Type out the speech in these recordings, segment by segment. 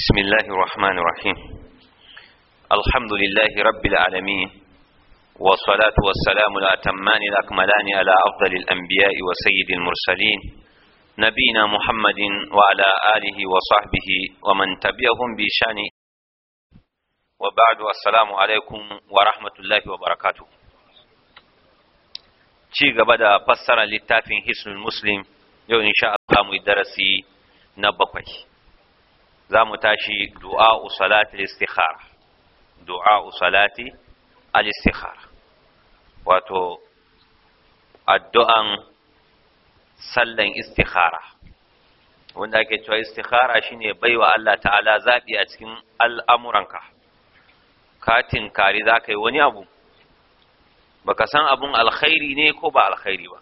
بسم الله الرحمن الرحيم الحمد لله رب العالمين والصلاة والسلام الأتمان الأكملان على أفضل الأنبياء وسيد المرسلين نبينا محمد وعلى آله وصحبه ومن تبعهم بشان وبعد السلام عليكم ورحمة الله وبركاته شيء بدأ فسر fassara حسن المسلم muslim إن شاء الله مدرسي نبقى za mu tashi du'a'u salati istikhara du'a'u salati al-istikhara wato addu'an sallan istikhara wanda ake cewa istikhara shine baiwa Allah ta'ala zabi a cikin al'amuranka katin kari za ka yi wani abu baka san abun alkhairi ne ko ba alkhairi ba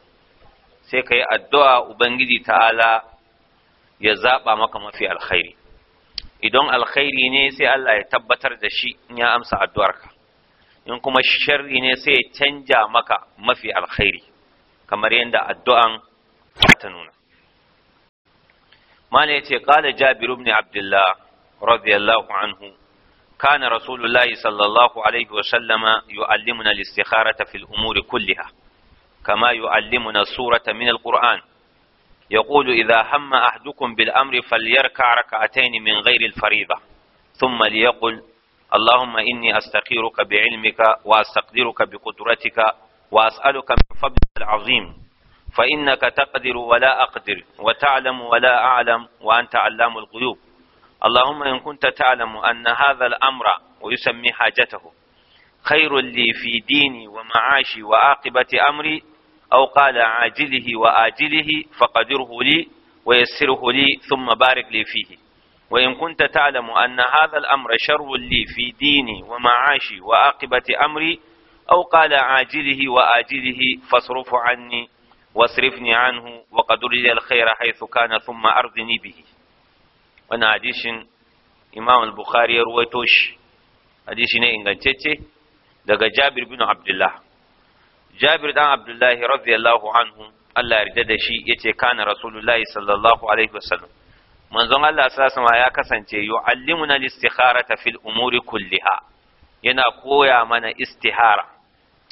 sai ka yi addu'a ubangiji ta'ala ya zaba maka mafi alkhairi idan alkhairi ne sai Allah ya tabbatar da shi in ya amsa addu'arka in kuma sharri ne sai ya canja maka mafi alkhairi kamar yadda addu'an ta nuna mana yace ƙala jabir ibn abdullah radiyallahu anhu kana rasulullah sallallahu alaihi wa sallama yu'allimuna al fil umuri kulliha kama yu'allimuna surata min al-qur'an يقول إذا هم أحدكم بالأمر فليركع ركعتين من غير الفريضة ثم ليقل اللهم إني أستخيرك بعلمك وأستقدرك بقدرتك وأسألك من فضلك العظيم فإنك تقدر ولا أقدر وتعلم ولا أعلم وأنت علام الغيوب اللهم إن كنت تعلم أن هذا الأمر ويسمي حاجته خير لي في ديني ومعاشي وعاقبة أمري أو قال عاجله وآجله فقدره لي ويسره لي ثم بارك لي فيه وإن كنت تعلم أن هذا الأمر شر لي في ديني ومعاشي وعاقبة أمري أو قال عاجله وآجله فاصرف عني واصرفني عنه وقدر لي الخير حيث كان ثم أرضني به وانا عديش إمام البخاري رويتوش عديش إنغان تيتي دقى جابر بن عبد الله jabir dan abdullahi radiyallahu anhu Allah yarda da shi yace kana rasulullahi sallallahu alaihi wasallam manzon Allah sallallahu ya kasance yu'allimuna na istikharata fil umuri kulliha yana koya mana istihara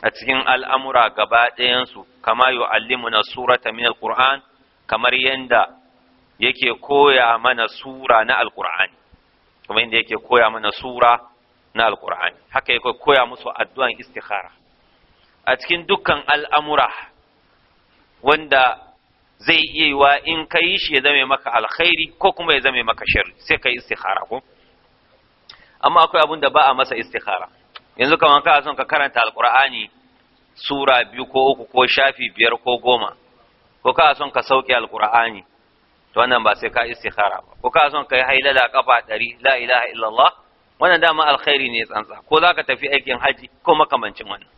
a cikin al'amura gaba ɗayansu kama yu'allimuna surata min al-qur'an kamar yanda yake koya mana sura na al-qur'ani kamar yanda yake koya mana sura na al-qur'ani haka yake koya musu addu'an istikhara a cikin dukkan al'amura wanda zai iya yiwa in ka yi shi ya zame maka alkhairi ko kuma ya zame maka shari sai ka yi istikhara ko amma akwai abin da ba a masa istikhara yanzu kamar ka son ka karanta alkur'ani sura biyu ko uku ko shafi biyar ko goma ko ka son ka sauke alkur'ani to wannan ba sai ka istihara ba ko ka son ka yi hailala kafa ɗari la ilaha illallah wannan dama alkhairi ne tsantsa ko za ka tafi aikin haji ko makamancin wannan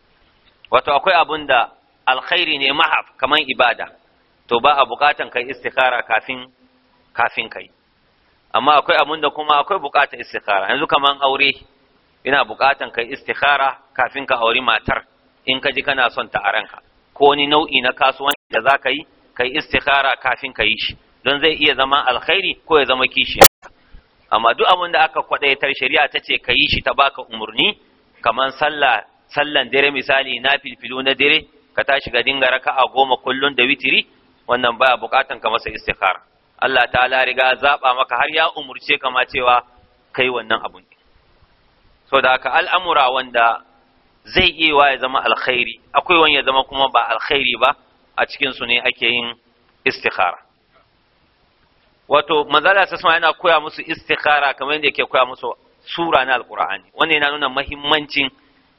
wato akwai abun da alkhairi ne mahaf kamar ibada to ba a bukatan kai istikhara kafin kafin kai amma akwai abun da kuma akwai bukatar istikhara yanzu kaman aure ina bukatan kai istikhara kafin ka aure matar in ka ji kana son ta aranka ko wani nau'i na kasuwanci da za ka yi kai istikhara kafin ka yi shi don zai iya zama alkhairi ko ya zama kishi amma duk abin da aka kwadaitar shari'a ta ce ka yi shi ta baka umurni kamar sallah sallan dare misali na filfilu na dare ka tashi ga dinga raka'a goma kullun da witiri wannan baya bukatan ka masa istikhara Allah ta'ala riga zaba maka har ya umurce ka ma cewa kai wannan abun so da haka al'amura wanda zai iya ya zama alkhairi akwai wani ya zama kuma ba alkhairi ba a cikin su ne ake yin istikhara wato manzala sasma yana koya musu istikhara kamar yadda yake koya musu sura na alqur'ani wannan yana nuna muhimmancin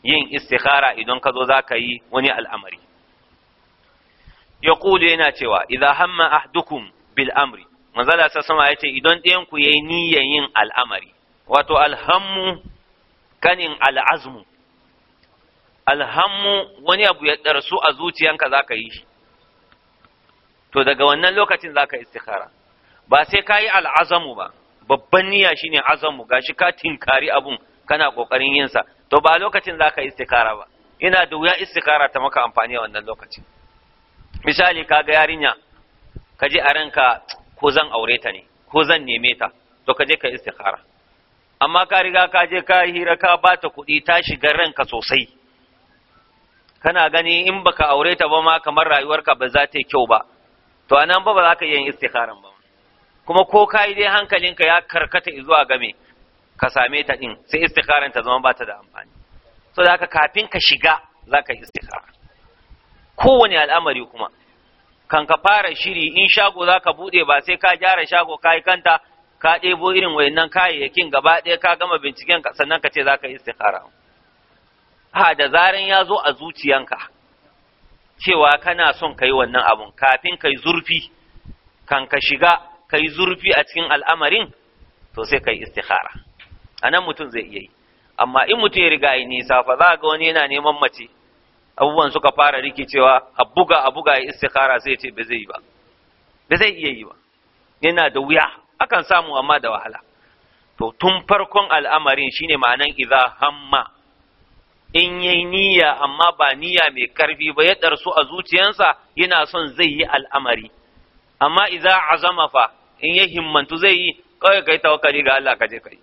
yin istikhara idan ka zo za ka yi wani al'amari ya yana cewa idan hamma ahdukum bil amri manzala sa sama ya ce idan ɗayanku ya yi niyan yin al'amari wato alhammu kanin al'azmu alhammu wani abu ya ɗarsu a zuciyanka za ka yi shi to daga wannan lokacin za ka istikhara ba sai ka yi al'azamu ba babban niyya shine azamu shi ka tinkari abun kana kokarin yinsa, to ba lokacin zaka istikara ba ina da wuya istikara ta maka amfani a wannan lokacin misali kaga yarinya ka je a ranka ko zan aure ta ne ko zan neme ta to ka je ka istikara amma ka riga ka je ka hira ka ba ta kuɗi ta shiga ranka sosai kana gani in baka aure ta ba ma kamar rayuwarka ba za ta yi kyau ba to anan ba ba za ka iya yin istikaran ba kuma ko ka yi dai hankalinka ya karkata zuwa game ka same ta din sai istikharar ta zama ta da amfani so da haka kafin ka shiga za yi istikhara kowane al'amari kuma kan ka fara shiri in shago za ka bude ba sai ka gyara shago kai kanta ka ɗebo irin wayannan kayayyakin gaba ɗaya ka gama binciken ka sannan ka ce za yi istikhara ha da zaran ya zo a zuciyanka cewa kana son ka yi wannan abun kafin ka yi zurfi kan ka shiga ka yi zurfi a cikin al'amarin to sai ka yi istikhara a nan mutum zai iya yi amma in mutum ya riga yi nisa fa za ga wani yana neman mace abubuwan suka fara rikicewa a buga a buga ya istikhara sai ce ba zai yi ba ba zai iya yi ba yana da wuya akan samu amma da wahala to tun farkon al'amarin shine ma'anan idza hamma in yayi niyya amma ba niyya mai karfi ba ya darsu a zuciyansa yana son zai yi al'amari amma idza azama fa in ya himmantu zai yi kawai kai tawakkali ga Allah ka je kai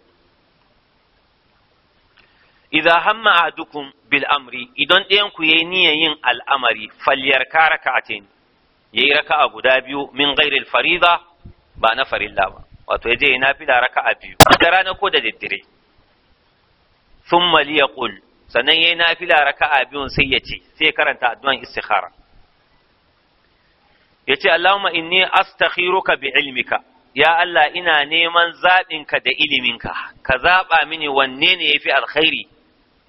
Iza hamma ahadukum bil amri idan ɗayan ku yayi niyyar yin al'amari Ya yi raka raka'a guda biyu min ghairi al fariida ba na farilla ba wato yaje yayi nafila a biyu da rana ko da daddare ya liyaqul sannan yayi nafila raka'a biyun sai ya ce sai karanta addu'an istikhara yace Allahumma inni astakhiruka bi ilmika ya Allah ina neman zaɓinka da iliminka, ka zaɓa mini wanne ne ya fi alkhairi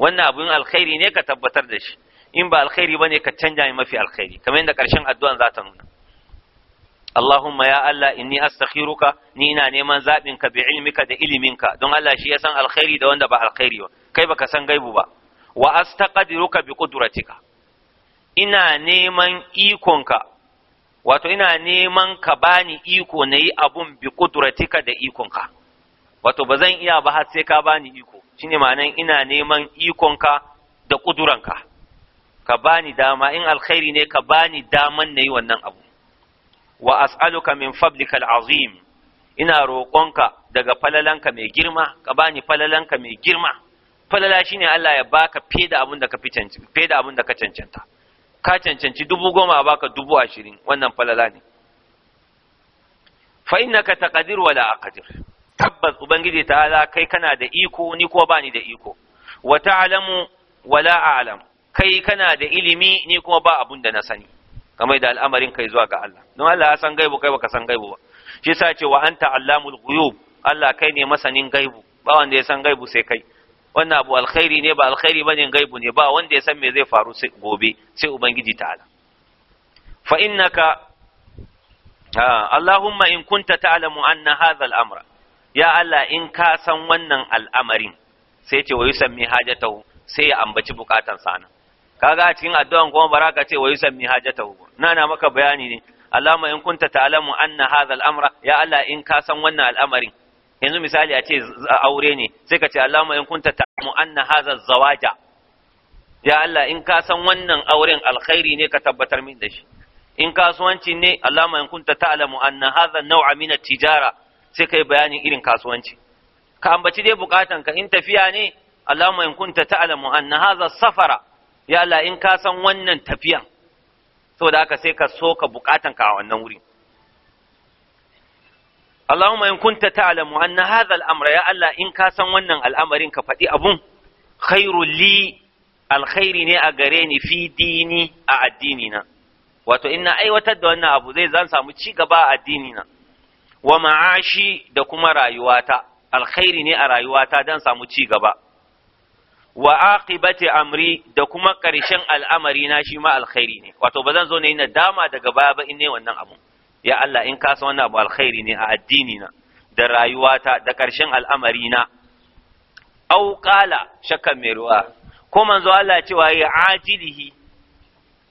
wannan abun alkhairi ne ka tabbatar da shi in ba alkhairi bane ka canja mai mafi alkhairi kamar yadda ƙarshen addu'an za ta nuna Allahumma ya Allah inni astakhiruka ni ina neman zabin ka bi ilmika da iliminka don Allah shi ya san alkhairi da wanda ba alkhairi ba kai baka san gaibu ba wa astaqdiruka bi qudratika ina neman ikonka wato ina neman ka bani iko nayi abun bi qudratika da ikonka wato ba zan iya ba har sai ka bani iko shine ma'anan ina neman ka da kuduran ka ka bani dama in alkhairi ne ka bani daman nayi wannan abu wa as'aluka min fadlika al'azim ina roƙonka daga falalanka mai girma ka bani falalanka mai girma falala shine Allah ya baka fiye da abin da ka fiye da abin da ka cancanta ka cancanci dubu goma a baka dubu ashirin wannan falala ne fa innaka taqdir wala aqdir tabbas ubangiji ta'ala kai kana da iko ni ko bani da iko wa ta'lamu wa la a'lam kai kana da ilimi ni kuma ba abun da na sani kamar da al'amarin kai zuwa ga Allah don Allah ya san gaibu kai baka san gaibu ba shi yasa ce wa anta allamul ghuyub Allah kai ne masanin gaibu ba wanda ya san gaibu sai kai wannan abu alkhairi ne ba alkhairi ba ne gaibu ne ba wanda ya san me zai faru sai gobe sai ubangiji ta'ala fa innaka ah, Allahumma in kunta ta'lamu anna hadha al-amra ya Allah in ka san wannan al'amarin sai ce wa yusammi hajatahu sai ya ambaci bukatan sana kaga cikin addu'an kuma ka ce wa yusammi hajatahu na na maka bayani ne Allahumma in kunta ta'lamu anna hadha al-amra ya Allah in ka san wannan al'amarin yanzu misali a ce aure ne sai ka ce Allahumma in kunta ta'lamu anna hadha zawaja ya Allah in ka san wannan auren alkhairi ne ka tabbatar min da shi in kasuwanci ne Allahumma in kunta ta'lamu anna hadha naw'a min at-tijara sai kai bayanin irin kasuwanci ka ambaci dai bukatan ka in tafiya ne Allahumma in kunta ta'lamu anna hadha safara ya Allah in ka san wannan tafiya? saboda haka sai ka so ka bukatan ka a wannan wuri Allahumma in kunta ta'lamu anna hadha al-amra ya Allah in ka san wannan al'amarin ka faɗi abun khairul li alkhairi ne a gare ni fi dini a addini na wato ina aiwatar da wannan abu zai zan samu ci gaba a addini na wa ma'ashi da kuma rayuwata alkhairi ne a rayuwata dan samu ci gaba wa aqibati amri da kuma karshen al'amari na shi ma alkhairi ne wato ba zan zo ne na dama daga baya ba in ne wannan abu ya Allah in kasa wannan abu alkhairi ne a addini na da rayuwata da karshen al'amari na au qala shakkan mai ruwa ko manzo Allah cewa ya ajilihi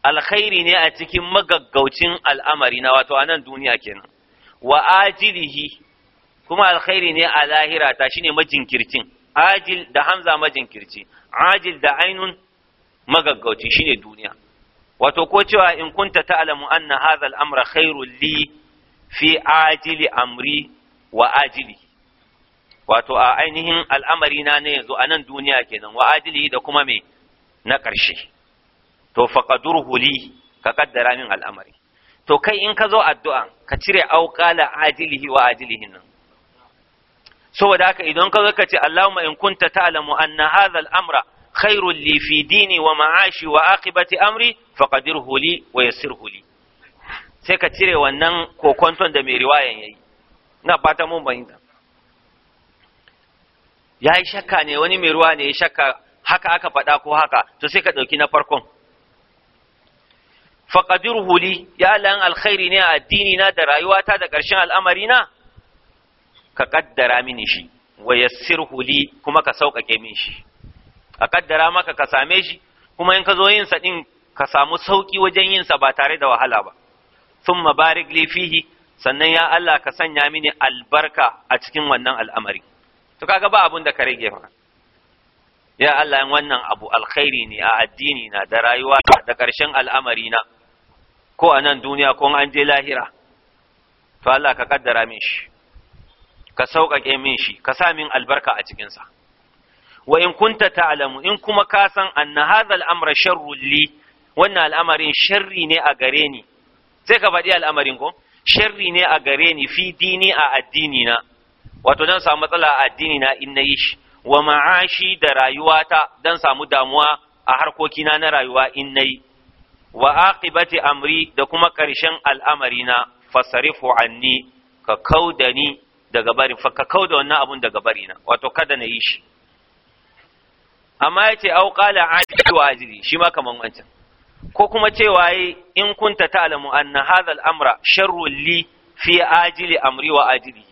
alkhairi ne a cikin magaggaucin al'amari na wato a nan duniya kenan wa ajilihi kuma alkhairi ne a lahirata ta shine majinkircin ajil da hamza majinkirci ajil da ainun magaggauci shine duniya wato ko cewa in kunta ta'lamu anna hadha al-amra khairul li fi ajili amri wa ajili wato a ainihin al'amari na ne yanzu a nan duniya kenan wa ajili da kuma me na ƙarshe to faqadurhu li ka kaddara min al'amari to kai in ka zo addu'a ka cire auƙala ajilihi wa ajilihi nan saboda haka idan ka zo ka ce Allahumma in kunta ta'lamu anna hadha al-amra khairul li fi dini wa ma'ashi wa aqibati amri faqadirhu huli wa yassirhu huli. sai ka cire wannan kokonton da mai riwayan yayi na fata mun Ya yi shakka ne wani mai ruwa ne ya shakka haka aka faɗa ko haka to sai ka ɗauki na farkon faqadirhu huli ya Allah alkhairi ne a addini na da rayuwata da ƙarshen al'amari ka kaddara mini shi wa yassirhu kuma ka sauƙaƙe min shi a kaddara maka ka same shi kuma in ka zo yinsa sa ka samu sauƙi wajen yin sa ba tare da wahala ba thumma barik li fihi sannan ya Allah ka sanya mini albarka a cikin wannan al'amari to kaga ba abun da ka rage fa ya Allah wannan abu alkhairi ne a addini na da rayuwa da ƙarshen al'amarina. ko a nan duniya ko an je lahira to Allah ka kaddara min shi ka sauƙaƙe min shi ka sa min albarka a cikinsa wa in kunta ta'lamu in kuma ka san anna hadha al-amra sharrun wannan al'amarin sharri ne a gare ni sai ka faɗi al'amarin ko sharri ne a gare ni fi dini a addini na wato dan samu matsala a addini na in na yi shi wa ma'ashi da rayuwata dan samu damuwa a harkokina na rayuwa in na yi wa aqibati amri da kuma ƙarshen al'amari na fasarifu anni ka da ni daga barin fa ka kauda wannan abun daga bari na wato kada na yi shi amma yace au qala ajri wa ajri shi ma kaman wancan ko kuma ce waye in kunta ta'lamu anna hadha al-amra sharrun li fi ajili amri wa ajili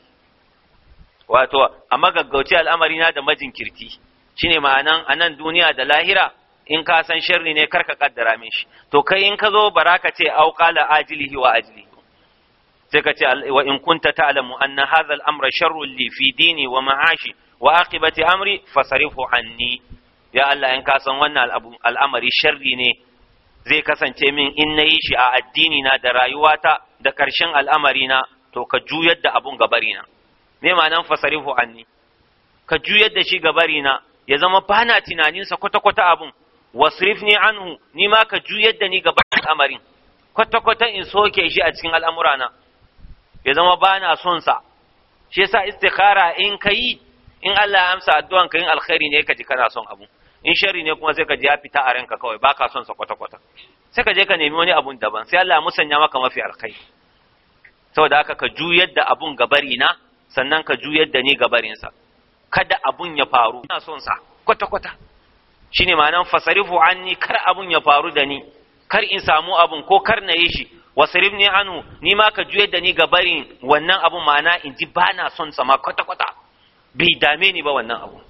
wato amma gaggauci al'amari na da majinkirti shine ma'anan anan duniya da lahira in ka san sharri ne karka kaddara min shi to kai in ka zo bara ka ce au ajilihi wa ajlihi sai ka ce wa in kunta ta'lamu anna hadha al-amra sharrun li fi dini wa ma'ashi wa aqibati amri fasarifu anni ya Allah in ka san wannan al'amari sharri ne zai kasance min in nayi shi a addini na da rayuwata da karshen al'amari na to ka juyar da abun gabarina me ma'anan fasarifu anni ka juyar da shi na ya zama bana tunaninsa kwata-kwata abun wasrifni anhu ni ma ka juyar da ni gaba al'amarin kwata-kwata in soke shi a cikin al'amurana ya zama ba na son sa shi yasa istikhara in ka yi in Allah ya amsa addu'an ka yin alkhairi ne ka ji kana son abu in shari ne kuma sai ka ji ya fita a ranka kawai baka son sa kwata-kwata sai ka je ka nemi wani abun daban sai Allah musanya maka mafi alkhairi saboda haka ka juyar da abun gabari na sannan ka juyar da ni ga gabarinsa kada abun ya faru ina son sa kwata-kwata shine ma'anan fasarifu anni kar abun ya faru da ni kar in samu abun ko kar na yi shi wasarif ne anu ni ma ka juyar da ni ga barin wannan abun ma'ana in ji ba na son sama kwata kwata bai dame ni ba wannan abun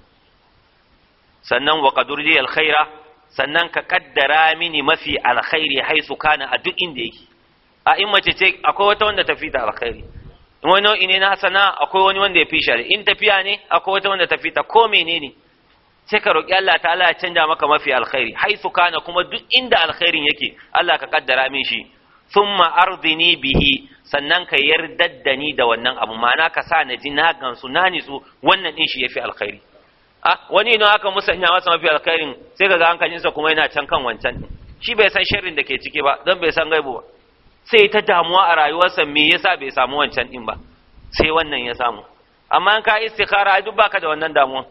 sannan wa qadurli alkhaira sannan ka kaddara mini mafi alkhairi haisu kana a duk inda yake a in mace ce akwai wata wanda ta ta alkhairi in wani nau'i ne na sana'a akwai wani wanda ya fi shari in tafiya ne akwai wata wanda ta ta ko menene sai ka roƙi Allah ta'ala ya canja maka mafi alkhairi haisu kana kuma duk inda alkhairin yake Allah ka kaddara min shi thumma ardini bihi sannan ka yarda da ni da wannan abu ma'ana ka sa na ji na gansu na nitsu wannan din shi yafi alkhairi ah wani ne aka musanya masa mafi alkhairin sai ka ga sa kuma yana can kan wancan shi bai san sharrin da ke ciki ba dan bai san gaibu ba sai ta damuwa a rayuwarsa me yasa bai samu wancan din ba sai wannan ya samu amma in ka istikhara duk baka da wannan damuwa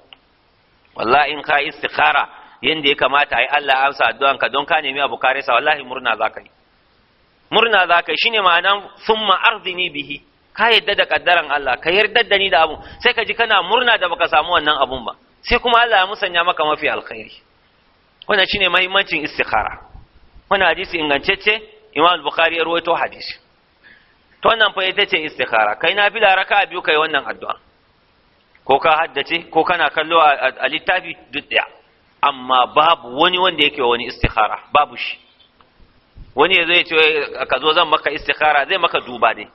wallahi in ka istikhara yanda ya kamata ai Allah ya amsa addu'an ka don ka nemi abu kare sa wallahi murna zaka yi murna zaka yi shine ma'anan summa arzini bihi ka yarda da kaddaran Allah ka yarda da ni da abu sai ka ji kana murna da baka samu wannan abun ba sai kuma Allah ya musanya maka mafi alkhairi wannan shine muhimmancin istikhara wannan hadisi ingantacce Imam Bukhari ya rawaito hadisi to wannan fa ita ce istikhara kai na bila raka'a biyu kai wannan addu'a ko ka haddace ko kana kallo a littafi duk daya amma babu wani wanda yake wani istikhara babu shi wani ya zai ce ka zo zan maka istikhara zai maka duba ne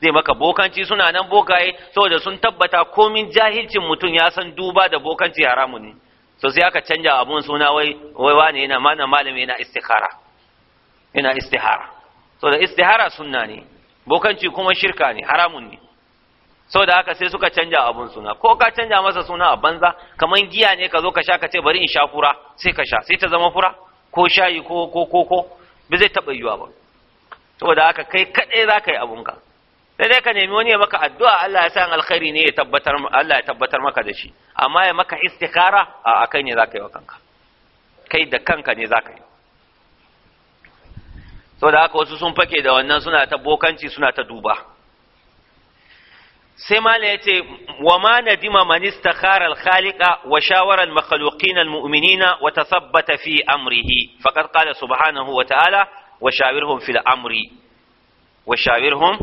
zai maka bokanci suna nan bokaye saboda sun tabbata komin jahilcin mutum ya san duba da bokanci haramu ne so sai aka canja abun suna wai wai wane yana mana malami yana istikhara yana istihara saboda istihara sunna ne bokanci kuma shirka ne haramun ne sau da haka sai suka canja abun suna ko ka canja masa suna a banza kamar giya ne ka zo ka sha ka ce bari in sha fura sai ka sha sai ta zama fura ko shayi ko ko ko ko ba zai taɓa yiwa ba saboda haka kai kaɗai za ka yi abunka sai dai ka nemi wani ya maka addu'a Allah ya san alkhairi ne ya tabbatar Allah ya tabbatar maka da shi amma ya maka istikhara a kai ne za ka yi wa kanka kai da kanka ne za ka yi saboda haka wasu sun fake da wannan suna ta bokanci suna ta duba سما لیتی وما ندم من استخار الخالق وشاور المخلوقين المؤمنين وتثبت في امره فقد قال سبحانه وتعالى وشاورهم في الامر وشاورهم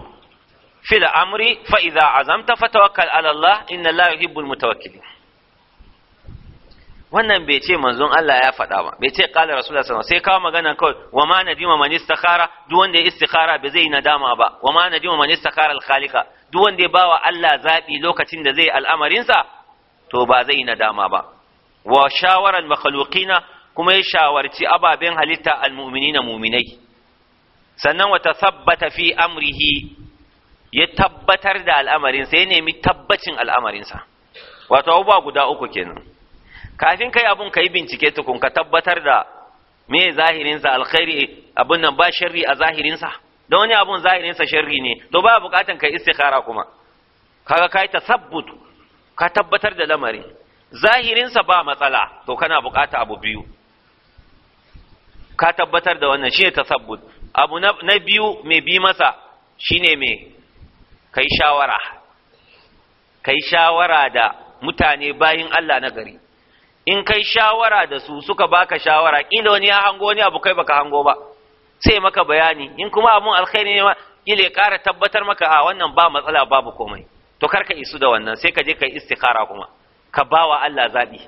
في الامر فاذا عزمت فتوكل على الله ان الله يحب المتوكلين wannan bai ce manzon Allah ya faɗa ba bai ce qala rasulullah sallallahu alaihi sai kawo magana kawai wa ma nadima man istakhara duk wanda ya istikhara bai zai nadama ba wa ma nadima man istakhara al khaliqa duk wanda ya bawa Allah zabi lokacin da zai al'amarin sa to ba zai nadama ba wa shawaran makhluqina kuma ya shawarci ababen halitta al mu'minina mu'minai sannan wa tasabbata fi amrihi ya tabbatar da al'amarinsa ya nemi tabbacin al'amarinsa wato abubuwa guda uku kenan kafin kai abun kai bincike tukun ka tabbatar da me zahirinsa alkhairi abun nan ba sharri a zahirinsa don wani abun zahirinsa sharri ne to ba bukatan kai istikhara kuma kaga kai sabbutu ka tabbatar da lamarin zahirinsa ba matsala to kana bukata abu biyu ka tabbatar da wannan shine tasabbut abu na biyu mai bi masa shine mai kai shawara kai shawara da mutane bayin Allah na gari in kai shawara da su suka baka shawara kila wani ya hango wani abu kai baka hango ba sai maka bayani in kuma abun alkhairi ne kila ya ƙara tabbatar maka a wannan ba matsala babu komai to karka isu da wannan sai ka je kai istikhara kuma ka bawa Allah zabi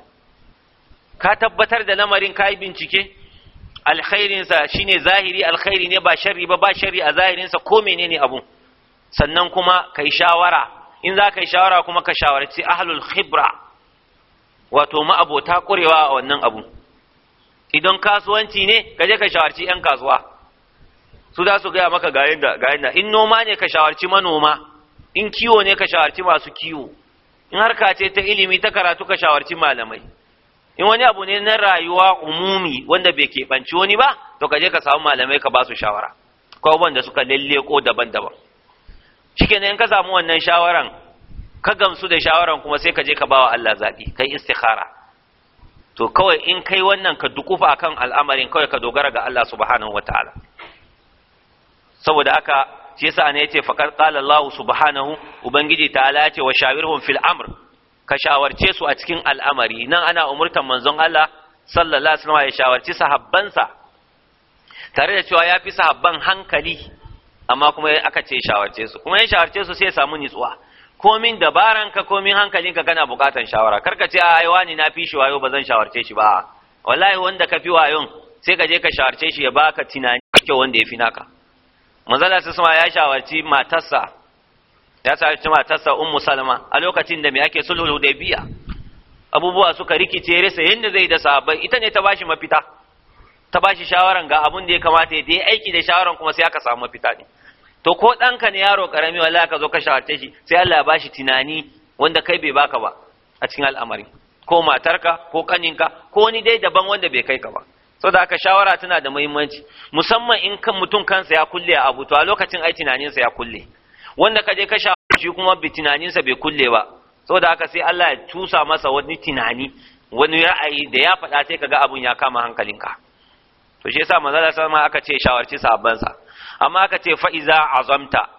ka tabbatar da lamarin kai bincike alkhairinsa shine zahiri alkhairi ne ba sharri ba ba sharri a zahirin sa ko menene abun sannan kuma kai shawara in za ka yi shawara kuma ka shawarci ahlul khibra wato ma'abota ƙurewa a wannan abu idan kasuwanci ne ka je ka shawarci 'yan kasuwa su za su gaya maka gayen da in noma ne ka shawarci manoma in kiwo ne ka shawarci masu kiwo in harka ce ta ilimi ta karatu ka shawarci malamai in wani abu ne na rayuwa umumi wanda bai keɓanci wani ba to ka je ka samu malamai ka ba su shawara ko wanda suka lalle ko daban-daban shikenan in ka samu wannan shawaran ka gamsu da shawaran kuma sai ka je ka bawa Allah zaɓi kai istikhara to kawai in kai wannan ka dukufa akan al'amarin kawai ka dogara ga Allah subhanahu wataala saboda aka shi yasa ne yace faqad qala Allah subhanahu ubangiji ta'ala yace wa shawirhum fil amr ka shawarce su a cikin al'amari nan ana umurtan manzon Allah sallallahu alaihi wasallam ya shawarci sahabbansa tare da cewa ya fi sahabban hankali amma kuma aka ce shawarce su kuma ya shawarce su sai ya samu nitsuwa komin dabaranka komin ka kana bukatan shawara karka ce a ai wani na fi shi wayo ba zan shawarce shi ba wallahi wanda ka fi wayon sai ka je ka shawarce shi ya baka tunani kyau wanda ya fi naka manzala sai suma ya shawarci matarsa ya shawarci matarsa ummu salma a lokacin da me ake sulhul hudaybiya abubuwa suka rikice rasa yanda zai da sahabbai ita ne ta bashi mafita ta bashi shawaran ga abun da ya kamata ya yi aiki da shawaran kuma sai aka samu mafita ne to ko ɗanka ne yaro karami wallahi ka zo ka shawarce shi sai Allah ya bashi tunani wanda kai bai baka ba a cikin al'amari ko matarka ko kaninka ko wani dai daban wanda bai kai ka ba saboda haka shawara tana da muhimmanci musamman in kan mutum kansa ya kulle a abu to a lokacin ai tunaninsa ya kulle wanda ka je ka shawarce shi kuma bi tunaninsa bai kulle ba saboda haka sai Allah ya tusa masa wani tunani wani ra'ayi da ya faɗa sai kaga abun ya kama hankalinka to shi yasa manzo Allah aka ce shawarci sa amma aka ce fa'iza azamta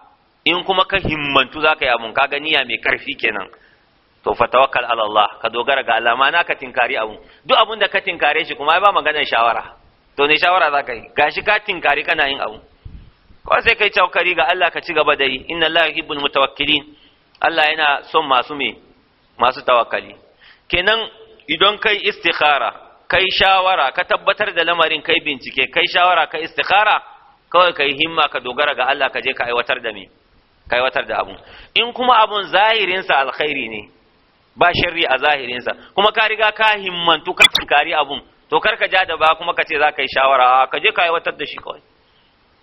in kuma ka himmantu za ka yi abun kaga niyya mai karfi kenan to fa tawakkal ala Allah ka dogara ga Allah ma na ka tinkari abun duk abun da ka tinkare shi kuma ai ba maganar shawara to ne shawara za ka yi gashi ka tinkari kana yin abun ko sai kai tawakkari ga Allah ka ci gaba da yi inna Allah yuhibbul mutawakkilin Allah yana son masu me masu tawakkali kenan idan kai istikhara kai shawara ka tabbatar da lamarin kai bincike kai shawara kai istikhara kawai ka yi himma ka dogara ga Allah ka je ka aiwatar da me ka aiwatar da abun in kuma abun zahirinsa alkhairi ne ba sharri a zahirinsa kuma ka riga ka himmantu ka tunkari abun to kar ka ja da ba kuma ka ce za ka yi shawara ka je ka aiwatar da shi kawai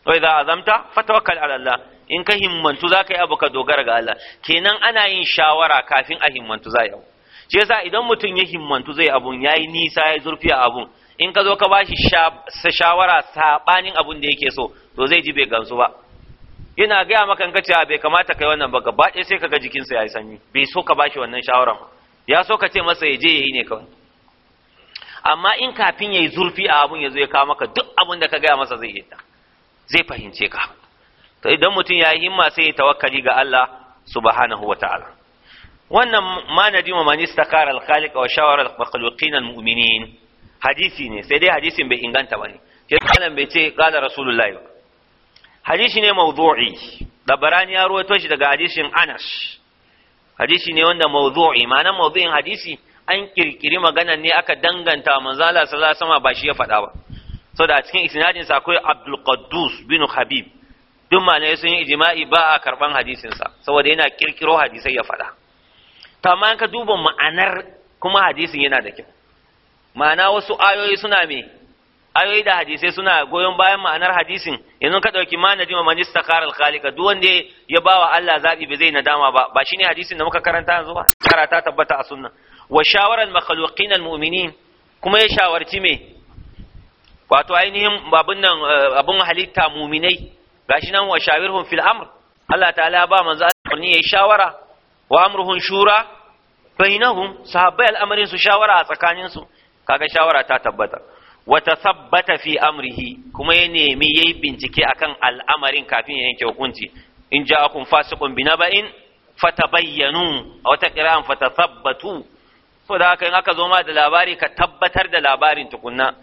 to idan azamta fatawakkal ala Allah in ka himmantu za ka yi abu ka dogara ga Allah kenan ana yin shawara kafin a himmantu za yi abu shi yasa idan mutum ya himmantu zai abun yayi nisa yayi zurfi a abun in ka zo ka ba shi shawara saɓanin abin da yake so to zai ji bai gamsu ba Ina gaya maka in ka cewa bai kamata kai wannan ba gaba ɗaya sai kaga jikinsa ya yi sanyi bai so ka ba shi wannan shawaran ya so ka ce masa ya je ya yi ne kawai amma in kafin ya yi zurfi a abun ya zo ya kawo maka duk abun da ka gaya masa zai yadda zai fahimce ka to idan mutum ya yi himma sai ya tawakkali ga Allah subhanahu wataala wannan ma nadima man istakara khaliq wa shawara al-makhluqin al-mu'minin hadisi ne sai dai hadisin bai inganta ba ne sai kalan bai ce kala rasulullahi ba hadisi ne mawdu'i dabarani ya ruwaito shi daga hadisin Anas hadisi ne wanda mawdu'i ma'anar mawdu'in hadisi an kirkiri magana ne aka danganta manzala sallallahu alaihi wasallam ba shi ya faɗa ba saboda a cikin isnadin sa akwai Abdul Qaddus bin Habib duk malai sun yi ijma'i ba a karban hadisin sa saboda yana kirkiro hadisai ya faɗa to amma ka duba ma'anar kuma hadisin yana da kyau ma'ana wasu ayoyi suna me ayoyi da hadisai suna goyon bayan ma'anar hadisin yanzu ka dauki ma najima man istakhara al-khaliqa duk wanda ya bawa Allah zabi ba zai nadama ba ba shine hadisin da muka karanta yanzu ba karata tabbata a sunna wa shawaran makhluqin al-mu'minin kuma ya shawarci me wato ainihin babun nan eh, abun halitta mu'minai gashi nan wa shawirhum fil amr Allah ta'ala ba manzo ne yayi shawara wa amruhum shura bainahum sahabbai al'amarin su shawara a tsakaninsu kaga shawara ta tabbata wata tasabbata fi amrihi kuma ya nemi yayi bincike akan al'amarin kafin ya yanke hukunci in ja'akum fasiqun binaba'in fatabayyanu aw taqra'an fatasabbatu so da haka in aka zo ma da labari ka tabbatar da labarin tukunna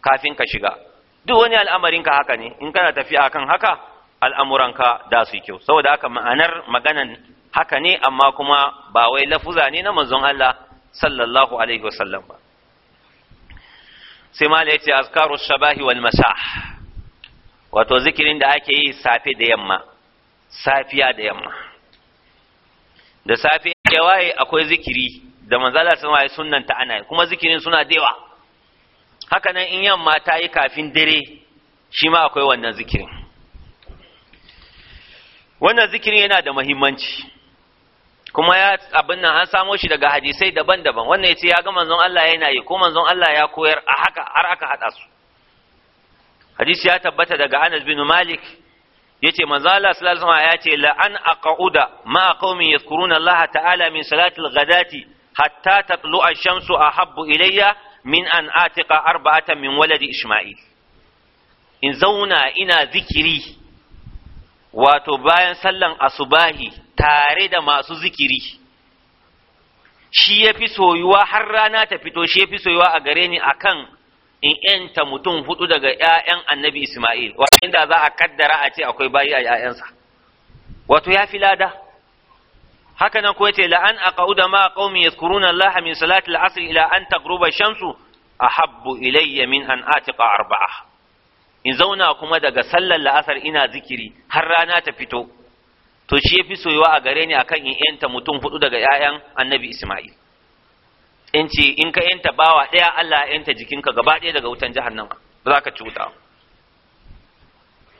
kafin ka shiga duk wani al'amarin ka haka ne in kana tafiya akan haka al'amuranka da su kyau saboda haka ma'anar maganan haka ne amma kuma ba wai lafuza ne na manzon Allah sallallahu alaihi wasallam ba sai mala yace azkaru shabahi wal masah wato zikirin da ake yi safe da yamma safiya da yamma da safe da waye akwai zikiri da manzala sun waye sunnan ta ana kuma zikirin suna dewa haka nan in yamma ta yi kafin dare shi ma akwai wannan zikirin wannan zikirin yana da muhimmanci kuma ya abin nan an samo shi daga hadisai daban-daban wannan yace ya ga manzon Allah yana yi ko manzon Allah ya koyar a haka har aka hada su hadisi ya tabbata daga Anas bin Malik yace manzon Allah sallallahu alaihi wasallam ce, la an aqauda ma qaumi yadhkuruna Allah ta'ala min salatil ghadati hatta tatlu ash-shamsu ahabbu ilayya min an atiqa arba'atan min waladi Isma'il in zauna ina zikiri wato bayan sallan asubahi tare da masu zikiri shi ya fi soyuwa har rana ta fito shi ya fi soyuwa a gare ni kan in ‘yanta mutum hudu daga ‘ya'yan annabi Ismail, wato inda za a kaddara a ce akwai bayi a ‘ya'yansa, wato ya fi lada. Haka nan kuwa ce, la'an a ƙa'uda ma a ƙaumi ya skurun Allah min salatul asir ila an shamsu a habbu ilayya min an atiƙa arba'a. In zauna kuma daga sallar la'asar ina zikiri har rana ta fito, to shi ya fi soyuwa a gare ni akan in yanta mutum hudu daga 'ya'yan annabi Isma'il in ce in ka yanta bawa ɗaya Allah ya yanta jikinka gaba ɗaya daga wutan jahannama ba za ka cuta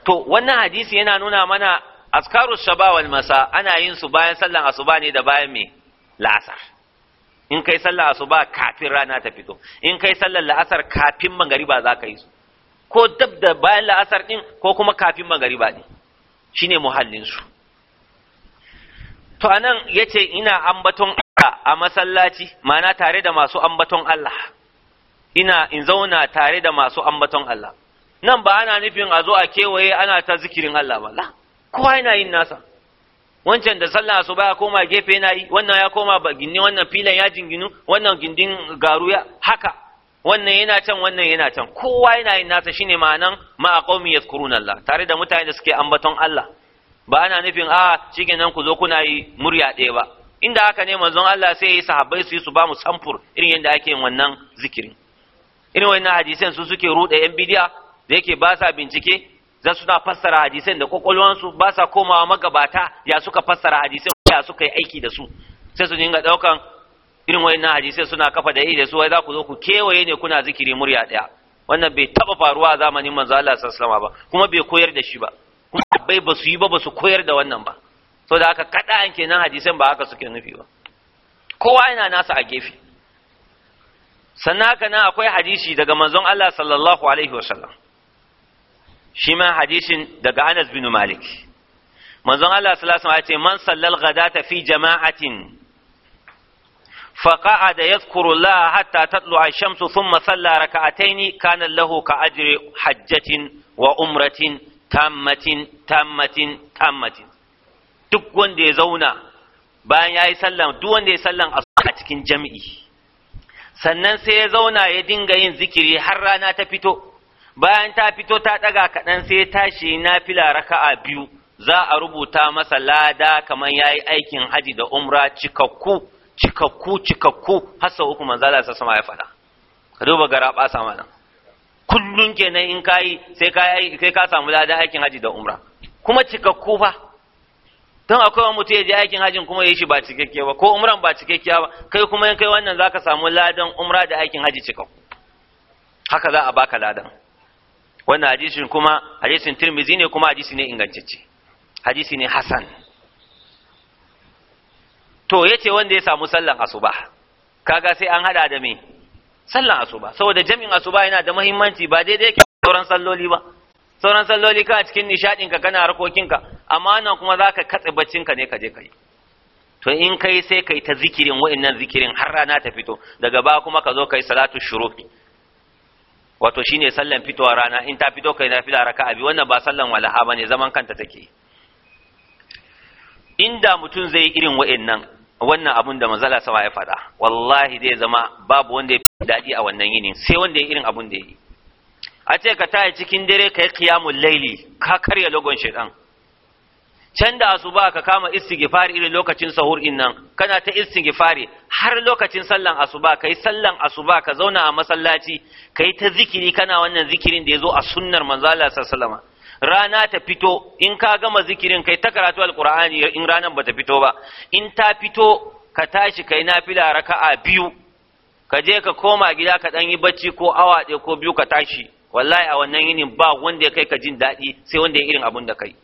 to wannan hadisi yana nuna mana askaru shaba wal masa ana yin su bayan sallan asuba ne da bayan me la'asar in kai sallar asuba kafin rana ta fito in kai sallar la'asar kafin magariba za ka yi su ko dab da bayan la'asar ɗin ko kuma kafin magariba din shine muhallin su to anan yace ina ambaton Allah a masallaci ma'ana tare da masu ambaton Allah ina in zauna tare da masu ambaton Allah nan ba ana nufin a zo a kewaye ana ta zikirin Allah ba kowa yana yin nasa wancan da sallah su baya koma gefe yana yi wannan ya koma ba ginni wannan filan ya jinginu wannan gindin garu ya haka wannan yana can wannan yana can kowa yana yin nasa shine ma'anan ma a ya Allah tare da mutane da suke ambaton Allah ba ana nufin a ah, nan ku zo kuna yi murya ɗaya ba inda haka ne manzon Allah sai yi sahabbai su yi su ba mu samfur irin yadda ake yin wannan zikirin irin wannan hadisan su suke ruɗe yan bidiya da yake ba sa bincike za suna fassara hadisan da kwakwalwansu ba sa komawa magabata ya suka fassara hadisan ya suka yi aiki da su sai su dinga ɗaukan irin wannan hadisai suna kafa da da su wai za ku zo ku kewaye ne kuna zikiri murya ɗaya wannan bai taba faruwa a zamanin manzo Allah sallallahu alaihi wasallam ba kuma bai koyar da shi ba kuma abai ba su yi ba ba su koyar da wannan ba so da aka kada an kenan hadisan ba haka suke nufi ba kowa yana nasa a gefe sannan haka nan akwai hadisi daga manzon Allah sallallahu alaihi wasallam shi ma hadisin daga Anas bin Malik manzon Allah sallallahu alaihi wasallam ya ce man sallal ghadata fi jama'atin فقعد يذكر الله حتى تطلع الشمس ثم صلى ركعتين كان له كأجر حجة وأمرة tammatin tammatin tammatin duk wanda ya zauna bayan ya yi sallan duk wanda ya sallan a cikin jami'i sannan sai ya zauna ya dinga yin zikiri har rana ta fito bayan ta fito ta ɗaga kaɗan sai ya tashi na fila raka'a biyu za a rubuta masa lada kamar ya yi aikin haji da umra cikakku cikakku cikakku har sau uku manzala sa sama ya faɗa duba gara ɓasa mana kullun kenan in ka yi sai ka samu ladan aikin haji da umra kuma cikakku fa don akwai wani mutum ya je aikin hajin kuma ya shi ba cikakke ba ko umran ba cikakkiya ba kai kuma in kai wannan zaka samu ladan umra da aikin haji cikakku haka za a baka ladan wannan hadisin kuma hadisin tirmizi ne kuma hadisi ne ingantacce hadisi ne hasan to yace wanda ya samu sallan asuba kaga sai an hada da me sallan asuba saboda jami'in asuba yana da muhimmanci ba daidai yake sauran salloli ba sauran salloli ka cikin nishadin ka kana harkokin ka amma nan kuma zaka katse baccin ka ne ka je kai to in kai sai kai ta zikirin wa'annan zikirin har rana ta fito daga ba kuma ka zo kai salatu shurufi wato shine sallan fitowa rana in ta fito kai fila raka'a bi wannan ba sallan walaha bane zaman kanta take inda mutum zai yi irin wa'annan wannan abun da manzala sama ya faɗa wallahi zai zama babu wanda ya fi daɗi a wannan yinin sai wanda ya irin abun da ya yi a ce ka taya cikin dare ka yi kiyamun laili ka karya logon shaidan can da asuba ka kama istighfari irin lokacin sahur din nan kana ta istighfari har lokacin sallan asuba kai sallan asuba ka zauna a masallaci kai ta zikiri kana wannan zikirin da ya zo a sunnar manzala rana ta fito in ka gama zikirin kai ta karatu alqur'ani in ranan ba ta fito ba in ta fito ka tashi kai nafila raka'a biyu ka je ka koma gida ka dan yi bacci ko awa ɗaya ko biyu ka tashi wallahi a wannan yinin ba wanda ya kai ka jin daɗi sai wanda ya irin abun da kai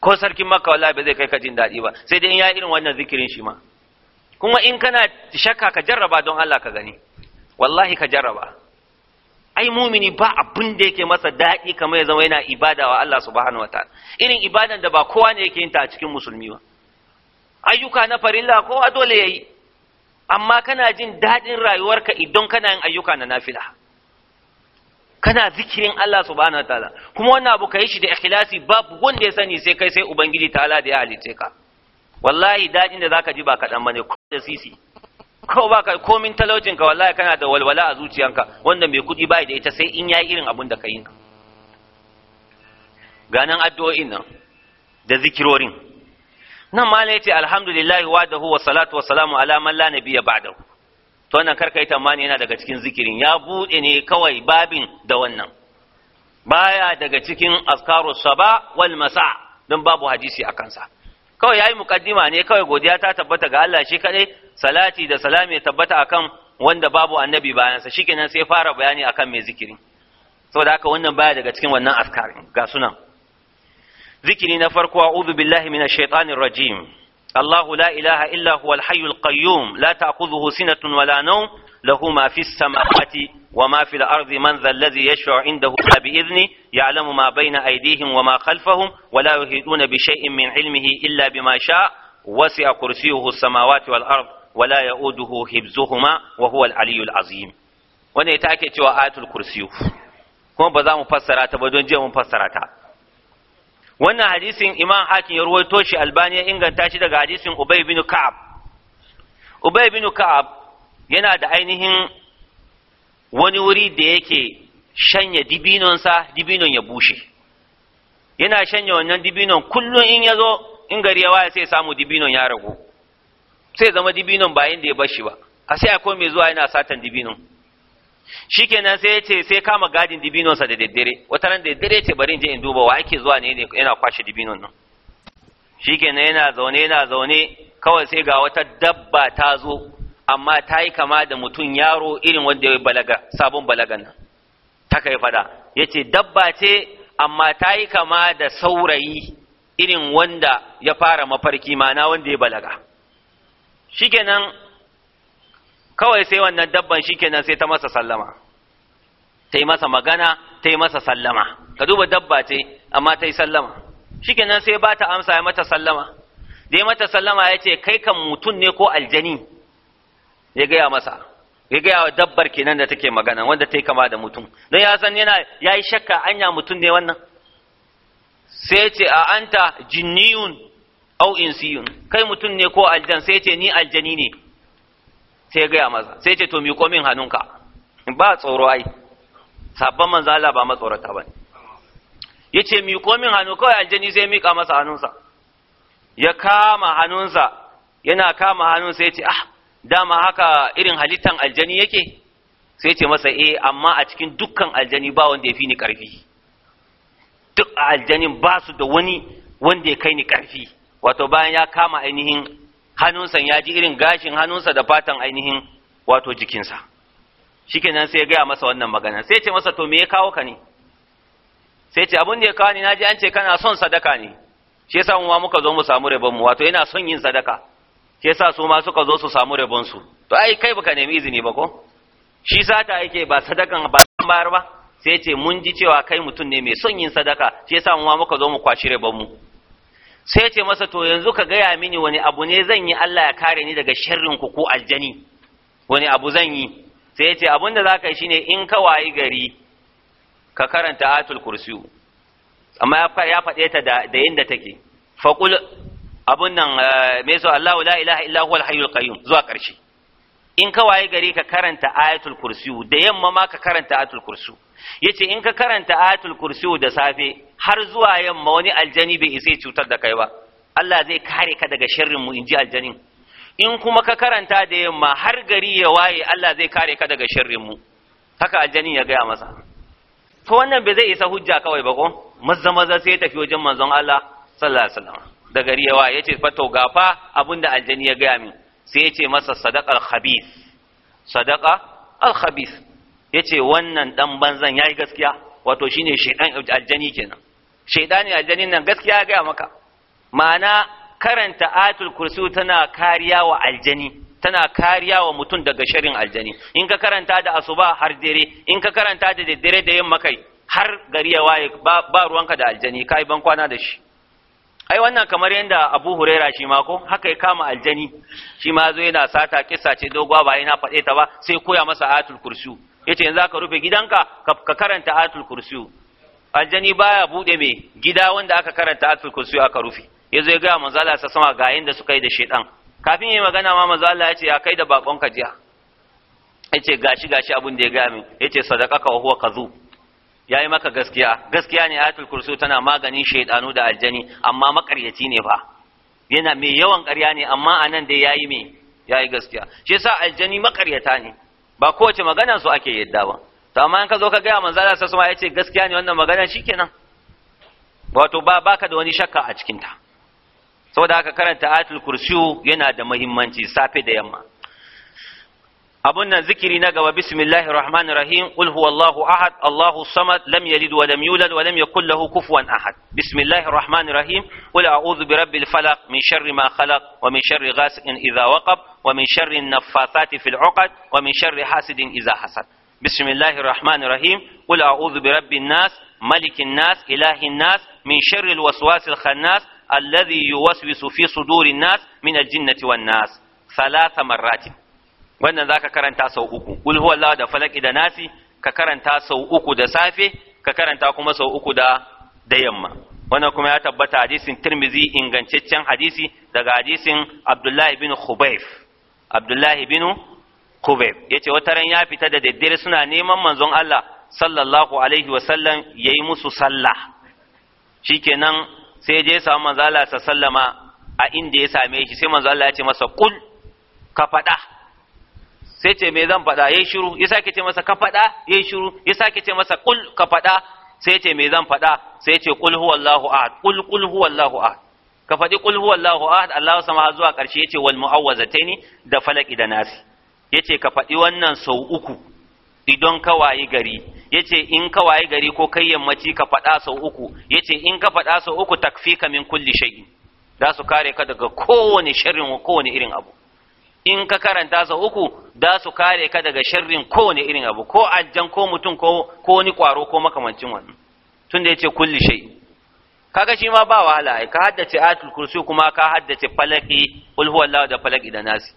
ko sarkin makka wallahi ba zai kai ka jin daɗi ba sai dai in ya irin wannan zikirin shi ma kuma in kana shakka ka jarraba don Allah ka gani wallahi ka jarraba ai mumini ba abin da yake masa daɗi kamar ya zama yana ibada wa Allah subhanahu ta'ala irin ibadan da ba kowa ne yake yin ta a cikin musulmi ba ayyuka na farilla kowa dole yayi amma kana jin daɗin rayuwarka idan kana yin ayyuka na nafila kana zikirin Allah subhanahu ta'ala kuma wannan abu kai shi da ikhlasi babu wanda ya sani sai kai sai ubangiji ta'ala da ya halice ka wallahi daɗin da zaka ji ba kaɗan bane ko da sisi ko ba ka komin talaucin ka wallahi kana da walwala a zuciyanka wanda mai kuɗi bai da ita sai in yi irin abun da ka yi. ganan addu'o'in nan da zikirorin nan ma yace alhamdulillahi da wa salatu wa salamu ala man la nabiyya ba'da to wannan karka yi tamani yana daga cikin zikirin ya bude ne kawai babin da wannan baya daga cikin askaru saba wal masa don babu hadisi a kansa kawai yayi mukaddima ne kawai godiya ta tabbata ga Allah shi kaɗai. salati da salami ya tabbata akan wanda babu annabi bayansa kenan sai fara bayani akan mai zikiri saboda haka wannan baya daga cikin wannan askarin ga sunan zikiri na farko udu billahi mina shaitanir rajim Allahu la ilaha illa huwal hayyul qayyum la ta'khudhuhu sinatun wala nawm lahu ma fis samawati وما في الأرض من ذا الذي يشفع عنده إلا بإذنه يعلم ما بين أيديهم وما خلفهم ولا يهدون بشيء من علمه إلا بما شاء وسع كرسيه السماوات والأرض ولا يؤوده حفظهما وهو العلي العظيم wanda ita ake cewa ayatul kursi kuma ba za mu fassara ta ba don je mu fassara ta wannan hadisin imam hakim ya ruwaito shi albani ya inganta shi daga hadisin ubay bin ka'ab ubay bin ka'ab yana da ainihin wani wuri da yake shanya dibinonsa dibinon ya bushe yana shanya wannan dibinon kullum in ya zo in gari ya waye sai samu dibinon ya ragu sai zama dibinon ba da ya bar ba a sai a mai zuwa yana satan dibinon shikenan sai ya ce sai kama gadin dibinonsa da daddare wata ran daddare ce bari in je in duba wa ake zuwa ne yana kwashe dibinon nan shikenan yana zaune yana zaune kawai sai ga wata dabba ta zo amma ta yi kama da mutum yaro irin wanda ya balaga sabon balagan nan ta kai fada ya ce dabba ce amma ta yi kama da saurayi irin wanda ya fara mafarki mana wanda ya balaga shikenan kawai sai wannan dabban shikenan sai ta masa sallama ta yi masa magana ta yi masa sallama ka duba dabba ce amma ta yi sallama shikenan sai ba ta amsa ya mata sallama da ya mata sallama ya ce kai kan mutum ne ko aljani ya gaya masa ya gaya wa dabbar kenan da take magana wanda ta yi kama da mutum don ya san yana ya yi shakka anya mutum ne wannan sai ce a anta jinniyun au insiyun kai mutum ne ko aljan sai ce ni aljani ne sai ya gaya masa sai ce to mi min hannunka ba tsoro ai sabon manzo Allah ba matsorata ba yace mi min hannu kawai aljani sai mika masa hannunsa ya kama hannunsa yana kama hannunsa yace ah dama haka irin halittan aljani yake sai ce masa eh amma a cikin dukkan aljani ba wanda ya fi ni ƙarfi duk aljanin ba su da wani wanda ya kai ni ƙarfi wato bayan ya kama ainihin hannunsa ya ji irin gashin hannunsa da fatan ainihin wato jikinsa shikenan sai ya gaya masa wannan magana sai ce masa to me ya kawo ka ne sai ce abin da ya kawo ni naji an ce kana son sadaka ne shi yasa mu ma muka zo mu samu rabon mu wato yana son yin sadaka shi sa su ma suka zo su samu rabonsu. su to ai kai baka nemi izini ba ko shi sata yake ba sadakan ba bayar ba sai ce mun ji cewa kai mutum ne mai son yin sadaka shi yasa mu muka zo mu kwashi rabon mu sai ce masa to yanzu ka gaya mini wani abu ne zan yi Allah ya kare ni daga sharrin ku ko aljani wani abu zan yi sai ce abin da zaka yi shine in ka wayi gari ka karanta atul kursiyu amma ya faɗe ta da yinda take faqul abun nan eh, me yasa, Allahu la ilaha illa huwal hayyul qayyum zuwa ƙarshe in ka waye gari ka karanta ayatul kursi da yamma ma ka karanta ayatul kursi yace in ka karanta ayatul kursi da safe har zuwa yamma wani aljani bai isa cutar da kai ba Allah zai kare ka daga sharrin mu inji aljanin in kuma ka karanta da yamma har gari ya waye Allah zai kare ka daga sharrin mu haka aljanin ya gaya masa to wannan bai zai isa hujja kawai ba ko mazza maza sai ya tafi wajen manzon Allah sallallahu alaihi wasallam da gari yawa ya ce fato gafa da aljani ya gaya min sai ya ce masa sadaka al sadaka al khabis ya ce wannan dan banzan yayi gaskiya wato shine shaydan aljani kenan shaydani Aljani nan gaskiya ya gaya maka ma'ana karanta ayatul kursi tana kariya wa aljani tana kariya wa mutum daga sharin aljani in ka karanta da asuba har dare in ka karanta da daddare da yamma kai har gari ya waye ba ruwanka da aljani kai ban kwana da shi ai wannan kamar yadda abu huraira shi ma ko haka ya kama aljani shi ma zo yana sata kisa ce dogwa ba yana faɗe ta ba sai koya masa atul kursu yace yanzu ka rufe gidanka ka karanta atul kursu aljani baya bude me gida wanda aka karanta atul kursu aka rufe yazo ya ga manzo Allah sa sama ga yanda suka yi da shedan kafin yayi magana ma manzo Allah yace ya kai da bakon ka jiya yace gashi gashi abun da ya ga min yace sadaqaka wa huwa kazu ya yi maka gaskiya gaskiya ne ayatul kursu tana maganin shaidanu da aljani amma makaryaci ne fa yana mai yawan ƙarya ne amma a nan dai ya yi mai ya yi gaskiya shi yasa aljani makaryata ne ba kowace maganar su ake yadda ba to amma in ka zo ka gaya manzala sa suma ya ce gaskiya ne wannan magana shikenan wato ba baka da wani shakka a cikin ta saboda haka karanta ayatul kursu yana da muhimmanci safe da yamma أبونا ذكري نقوى بسم الله الرحمن الرحيم قل هو الله أحد الله الصمد لم يلد ولم يولد ولم يكن له كفوا أحد بسم الله الرحمن الرحيم قل أعوذ برب الفلق من شر ما خلق ومن شر غاسق إذا وقب ومن شر النفاثات في العقد ومن شر حاسد إذا حسد بسم الله الرحمن الرحيم قل أعوذ برب الناس ملك الناس إله الناس من شر الوسواس الخناس الذي يوسوس في صدور الناس من الجنة والناس ثلاث مرات wannan zaka karanta sau uku kul Allah da falaki da nasi ka karanta sau uku da safe ka karanta kuma sau uku da da yamma wannan kuma ya tabbata hadisin Tirmizi ingantaccen hadisi daga hadisin Abdullahi bin Khubayf Abdullahi bin Khubayf yace wata ran ya fita da daddare suna neman manzon Allah sallallahu alaihi wa sallam yayi musu sallah shikenan sai je samu manzala sallama a inda ya same shi sai manzo Allah ya ce masa kul ka faɗa sai ce me zan faɗa yayi shiru ya sake ce masa ka faɗa yayi shiru ya sake ce masa kul ka faɗa sai ce me zan faɗa sai ce kul huwallahu ahad kul kul huwallahu ahad ka faɗi kul huwallahu ahad Allahu sama har zuwa ƙarshe yace wal mu'awwazataini da falaki da nasi yace ka faɗi wannan sau uku idan ka wayi gari yace in ka wayi gari ko kai yammaci ka faɗa sau uku yace in ka faɗa sau uku takfika min kulli shay'in za su kare ka daga kowane sharrin kowane irin abu in ka karanta sau uku za su kare ka daga sharrin kowane irin abu ko ajjan ko mutum ko ni kwaro ko makamancin wannan tun da ya ce kulli shay kaga shi ma ba wahala ka haddace atul kursi kuma ka haddace falaki qul huwallahu da falaki da nasi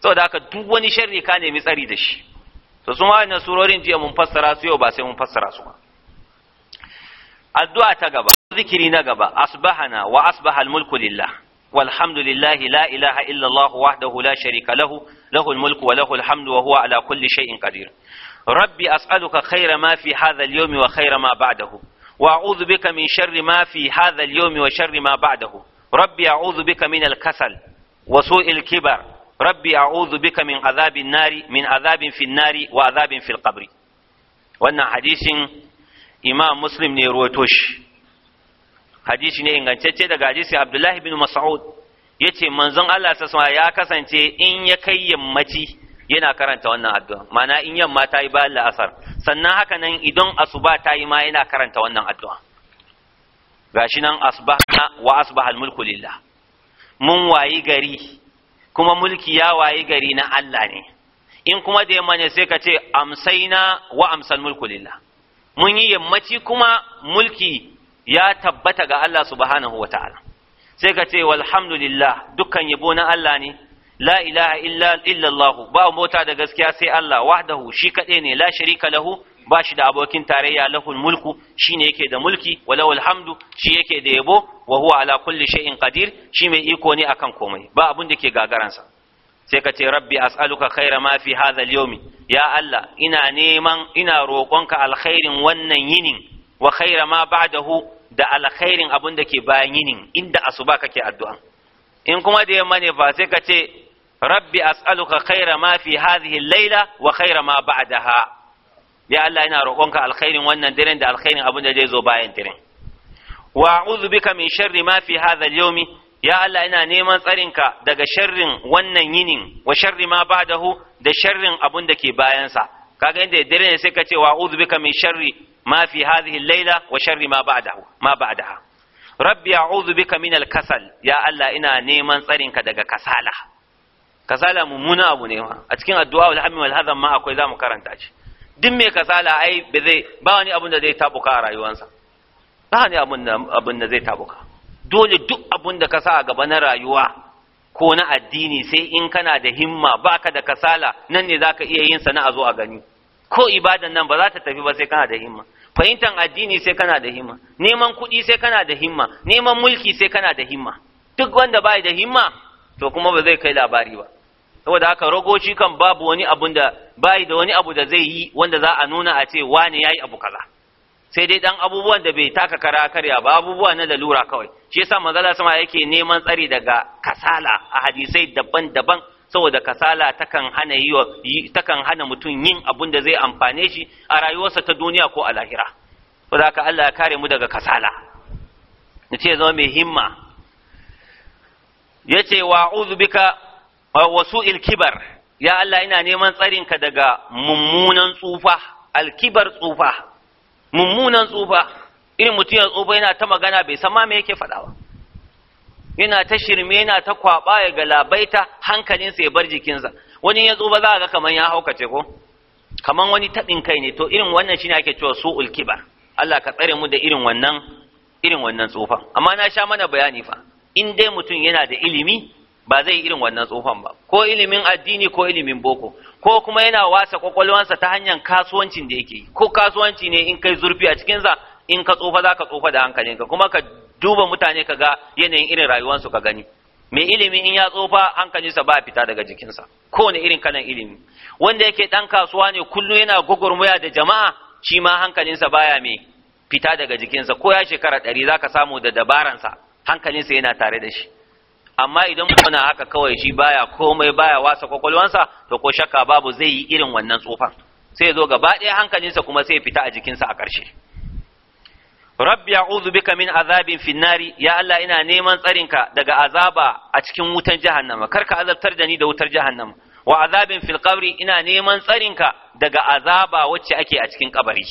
saboda haka duk wani sharri ka nemi tsari da shi to su ma surorin jiya mun fassara su yau ba sai mun fassara su ba addu'a ta gaba zikiri na gaba asbahana wa asbahal mulku lillah والحمد لله لا إله إلا الله وحده لا شريك له له الملك وله الحمد وهو على كل شيء قدير ربي أسألك خير ما في هذا اليوم وخير ما بعده وأعوذ بك من شر ما في هذا اليوم وشر ما بعده ربي أعوذ بك من الكسل وسوء الكبر ربي أعوذ بك من عذاب النار من عذاب في النار وعذاب في القبر وأن حديث إمام مسلم نيروتوش hadisi ne ingantacce daga hadisi abdullahi bin mas'ud yace manzon Allah sallallahu ya kasance in ya kai yammaci yana karanta wannan addu'a mana in yamma ta yi bayan la'asar sannan haka nan idan asuba ta yi ma yana karanta wannan addu'a gashi nan asbahna wa asbahal mulku lillah mun wayi gari kuma mulki ya wayi gari na Allah ne in kuma da yamma ne sai ka ce amsaina wa amsal mulku lillah mun yi yammaci kuma mulki ya tabbata ga Allah subhanahu wataala sai ka ce walhamdulillah dukkan yabo na Allah ne la ilaha illa illallah ba mota da gaskiya sai Allah wahdahu shi kaɗai ne la sharika lahu ba shi da abokin tarayya lahul mulku shi ne yake da mulki walau alhamdu shi yake da yabo wa huwa ala kulli shay'in qadir shi mai iko ne akan komai ba abun da ke gagaransa sai ka ce rabbi as'aluka khaira ma fi hadha al ya Allah ina neman ina roƙonka alkhairin wannan yinin wa khaira ma ba'dahu da alkhairin abin da ke bayan yinin inda asuba kake addu'an. in kuma da yamma ne ba sai ka ce rabbi as'aluka khaira ma fi hadhihi laila wa khaira ma ba'daha ya Allah ina roƙonka alkhairin wannan daren da alkhairin abin da zai zo bayan daren wa a'udhu bika min sharri ma fi hadha al-yawmi ya Allah ina neman tsarinka daga sharrin wannan yinin wa sharri ma ba'dahu da sharrin abin da ke bayansa kaga inda dare ne sai ka ce wa a'udhu bika min sharri ما في هذه الليلة وشر ما بعده ما بعدها ربي أعوذ بك من الكسل يا الله إنا نيمان تسرينك daga kasala kasala mummuna abu ne ma a cikin addu'a wal hammi wal ma akwai zamu karanta shi duk mai kasala ai ba zai zai tabuka a rayuwarsa ba wani abun zai tabuka dole duk abun ka sa a gaba na rayuwa ko na addini sai in kana da himma baka da kasala nan ne zaka iya yin sana'a zo a gani ko ibadan nan ba za ta tafi ba sai kana da himma fahimtar addini sai kana da himma neman kuɗi sai kana da himma neman mulki sai kana da himma duk wanda bai da himma to kuma ba zai kai labari ba saboda haka ragoci kan babu wani abu da bai da wani abu da zai yi wanda za a nuna a ce wani yayi abu kaza sai dai dan abubuwan da bai taka kara karya ba abubuwa na lalura kawai shi yasa manzala sama yake neman tsari daga kasala a hadisai daban-daban saboda kasala takan hana yi takan hana mutum yin abun da zai amfane shi a rayuwarsa ta duniya ko a lahira saboda ka Allah ya kare mu daga kasala nace zama mai himma yace a'udhu bika wa su'il kibar ya Allah ina neman tsarin ka daga mummunan tsufa alkibar tsufa mummunan tsufa irin mutum ya tsufa yana ta magana bai san ma me yake faɗa ba yana ta shirme yana ta kwaba ya galabaita hankalinsa ya bar jikinsa wani ya zo ba za ga kaman ya haukace ko kaman wani taɓin kai ne to irin wannan shine ake cewa su kibar Allah ka tsare mu da irin wannan irin wannan tsofan amma na sha mana bayani fa in dai mutum yana da ilimi ba zai yi irin wannan tsofan ba ko ilimin addini ko ilimin boko ko kuma yana wasa kwakwalwansa ta hanyar kasuwancin da yake ko kasuwanci ne in kai zurfi a cikinsa in ka tsofa za ka tsofa da hankalinka kuma ka duba mutane ka ga yanayin irin rayuwarsu ka gani mai ilimi in ya tsofa hankalinsa ba fita daga jikinsa kowane irin kalan ilimi wanda yake dan kasuwa ne kullum yana gwagwarmaya da jama'a shi ma hankalinsa baya mai fita daga jikinsa ko ya shekara ɗari za ka samu da dabaransa hankalinsa yana tare da shi amma idan muna haka kawai shi baya komai baya wasa kwakwalwansa to ko shakka babu zai yi irin wannan tsofan sai zo gaba ɗaya hankalinsa kuma sai fita a jikinsa a ƙarshe rabbi a'udhu bika min azabin finnari ya Allah ina neman tsarinka daga azaba a cikin wutan jahannama karka azabtar da ni da wutar jahannama wa azabin fil qabri ina neman tsarinka daga azaba wacce ake a cikin kabari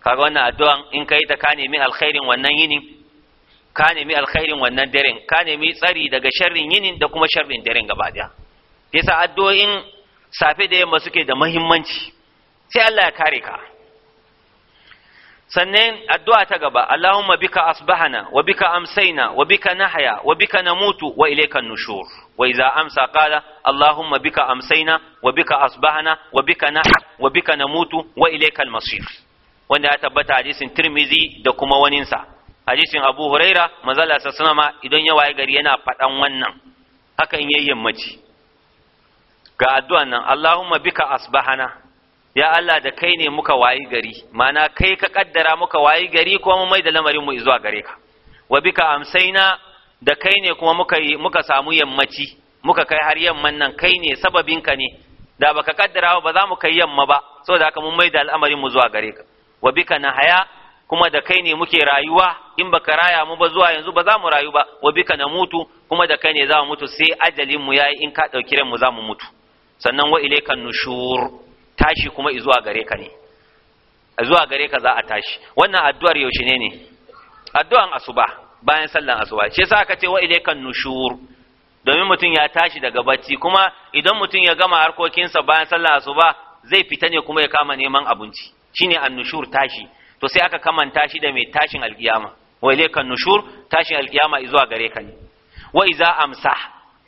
kaga wannan addu'an in kai ta ka nemi alkhairin wannan yinin ka nemi alkhairin wannan daren ka nemi tsari daga sharrin yinin da kuma sharrin daren gaba daya yasa addu'o'in safe da yamma suke da muhimmanci sai Allah ya kare ka sannan addu'a ta gaba Allahumma bika asbahana wa bika amsaina wa bika nahya wa bika namutu wa ilayka nushur wa idza amsa qala Allahumma bika amsaina wa bika asbahana wa bika nahya wa bika namutu wa ilayka masir wanda ya tabbata hadisin Tirmidhi da kuma waninsa hadisin Abu Huraira manzala sallama idan ya waye gari yana faɗan wannan haka in yayin mace ga addu'an nan Allahumma bika asbahana ya Allah da kai ne muka wayi gari mana kai ka kaddara muka wayi gari kuma mu mai da lamarin mu zuwa gare ka wa bika amsaina da kai ne kuma muka muka samu yammaci muka kai har yamman nan kai ne sababin ka ne da baka kaddara ba za mu kai yamma ba saboda haka mun mai da al'amarin mu zuwa gare ka wa bika nahaya kuma da kai ne muke rayuwa in baka raya mu ba zuwa yanzu ba za mu rayu ba wa bika na mutu kuma da kai ne za mu mutu sai ajalinmu mu yayi in ka dauki ran mu za mu mutu sannan wa ilaykan nushur tashi kuma izuwa gare ka ne zuwa gare ka za a tashi wannan addu'ar yaushe ne ne addu'an asuba bayan sallan asuba ce, yasa aka ce wa kan nushur domin mutum ya tashi daga bacci kuma idan mutum ya gama harkokinsa bayan sallan asuba zai fita ne kuma ya kama neman abinci shine annushur tashi to sai aka kamanta shi da mai tashin alkiyama wa kan nushur tashin alkiyama izuwa gare ka ne wa iza amsa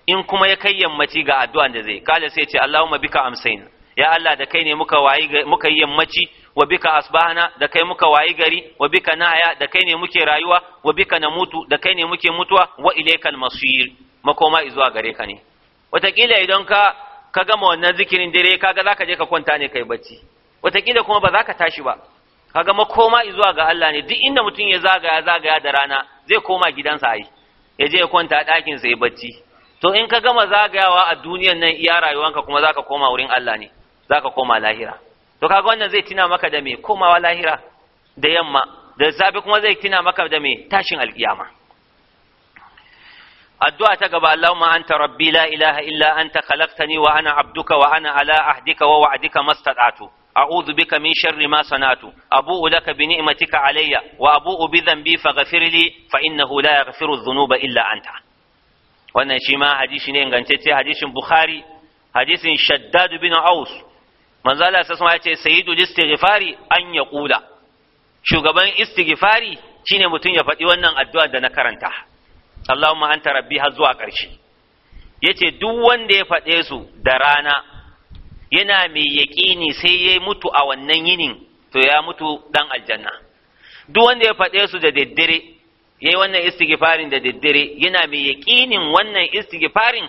in kuma ya kai yammaci ga addu'an da zai kala sai ce Allahumma bika amsaina ya Allah da kai ne muka wayi muka yi yammaci wa bika asbahna da kai muka wayi gari wa bika nahya da kai ne muke rayuwa wa bika namutu da kai ne muke mutuwa wa ilaykal masir makoma zuwa gare ka ne wataƙila idan ka ka gama wannan zikirin dare kaga zaka je ka kwanta ne kai bacci wataƙila kuma ba za tashi ba kaga makoma zuwa ga Allah ne duk inda mutum ya zagaya zagaya da rana zai koma gidansa ai ya je ya kwanta dakin sa ya bacci to in ka gama zagayawa a duniyan nan iya rayuwanka kuma zaka koma wurin Allah ne zaka koma lahira to kaga wannan zai tina maka da me komawa lahira da yamma da zabi kuma zai tina maka da me tashin alkiyama addu'a ta gaba Allahumma anta rabbi la ilaha illa anta khalaqtani wa ana abduka wa ana ala ahdika wa wa'dika mastata'tu ma sanatu abu'u laka bi ni'matika alayya wa abu'u bi dhanbi faghfir li fa innahu la yaghfiru dhunuba illa anta wannan shi ma hadisi ne ingantacce hadisin bukhari hadisin shaddad bin aus Allah sai ya ce sayyidu istighfari an ya kula shugaban istighfari shine mutum ya faɗi wannan addu'a da na karanta Allahumma anta rabbi har zuwa ƙarshe yace duk wanda ya faɗe su da rana yana mai yaƙini sai ya mutu a wannan yinin to ya mutu dan aljanna duk wanda ya faɗe su da daddare ya yi wannan istighfarin da daddare yana mai yaƙinin wannan istighfarin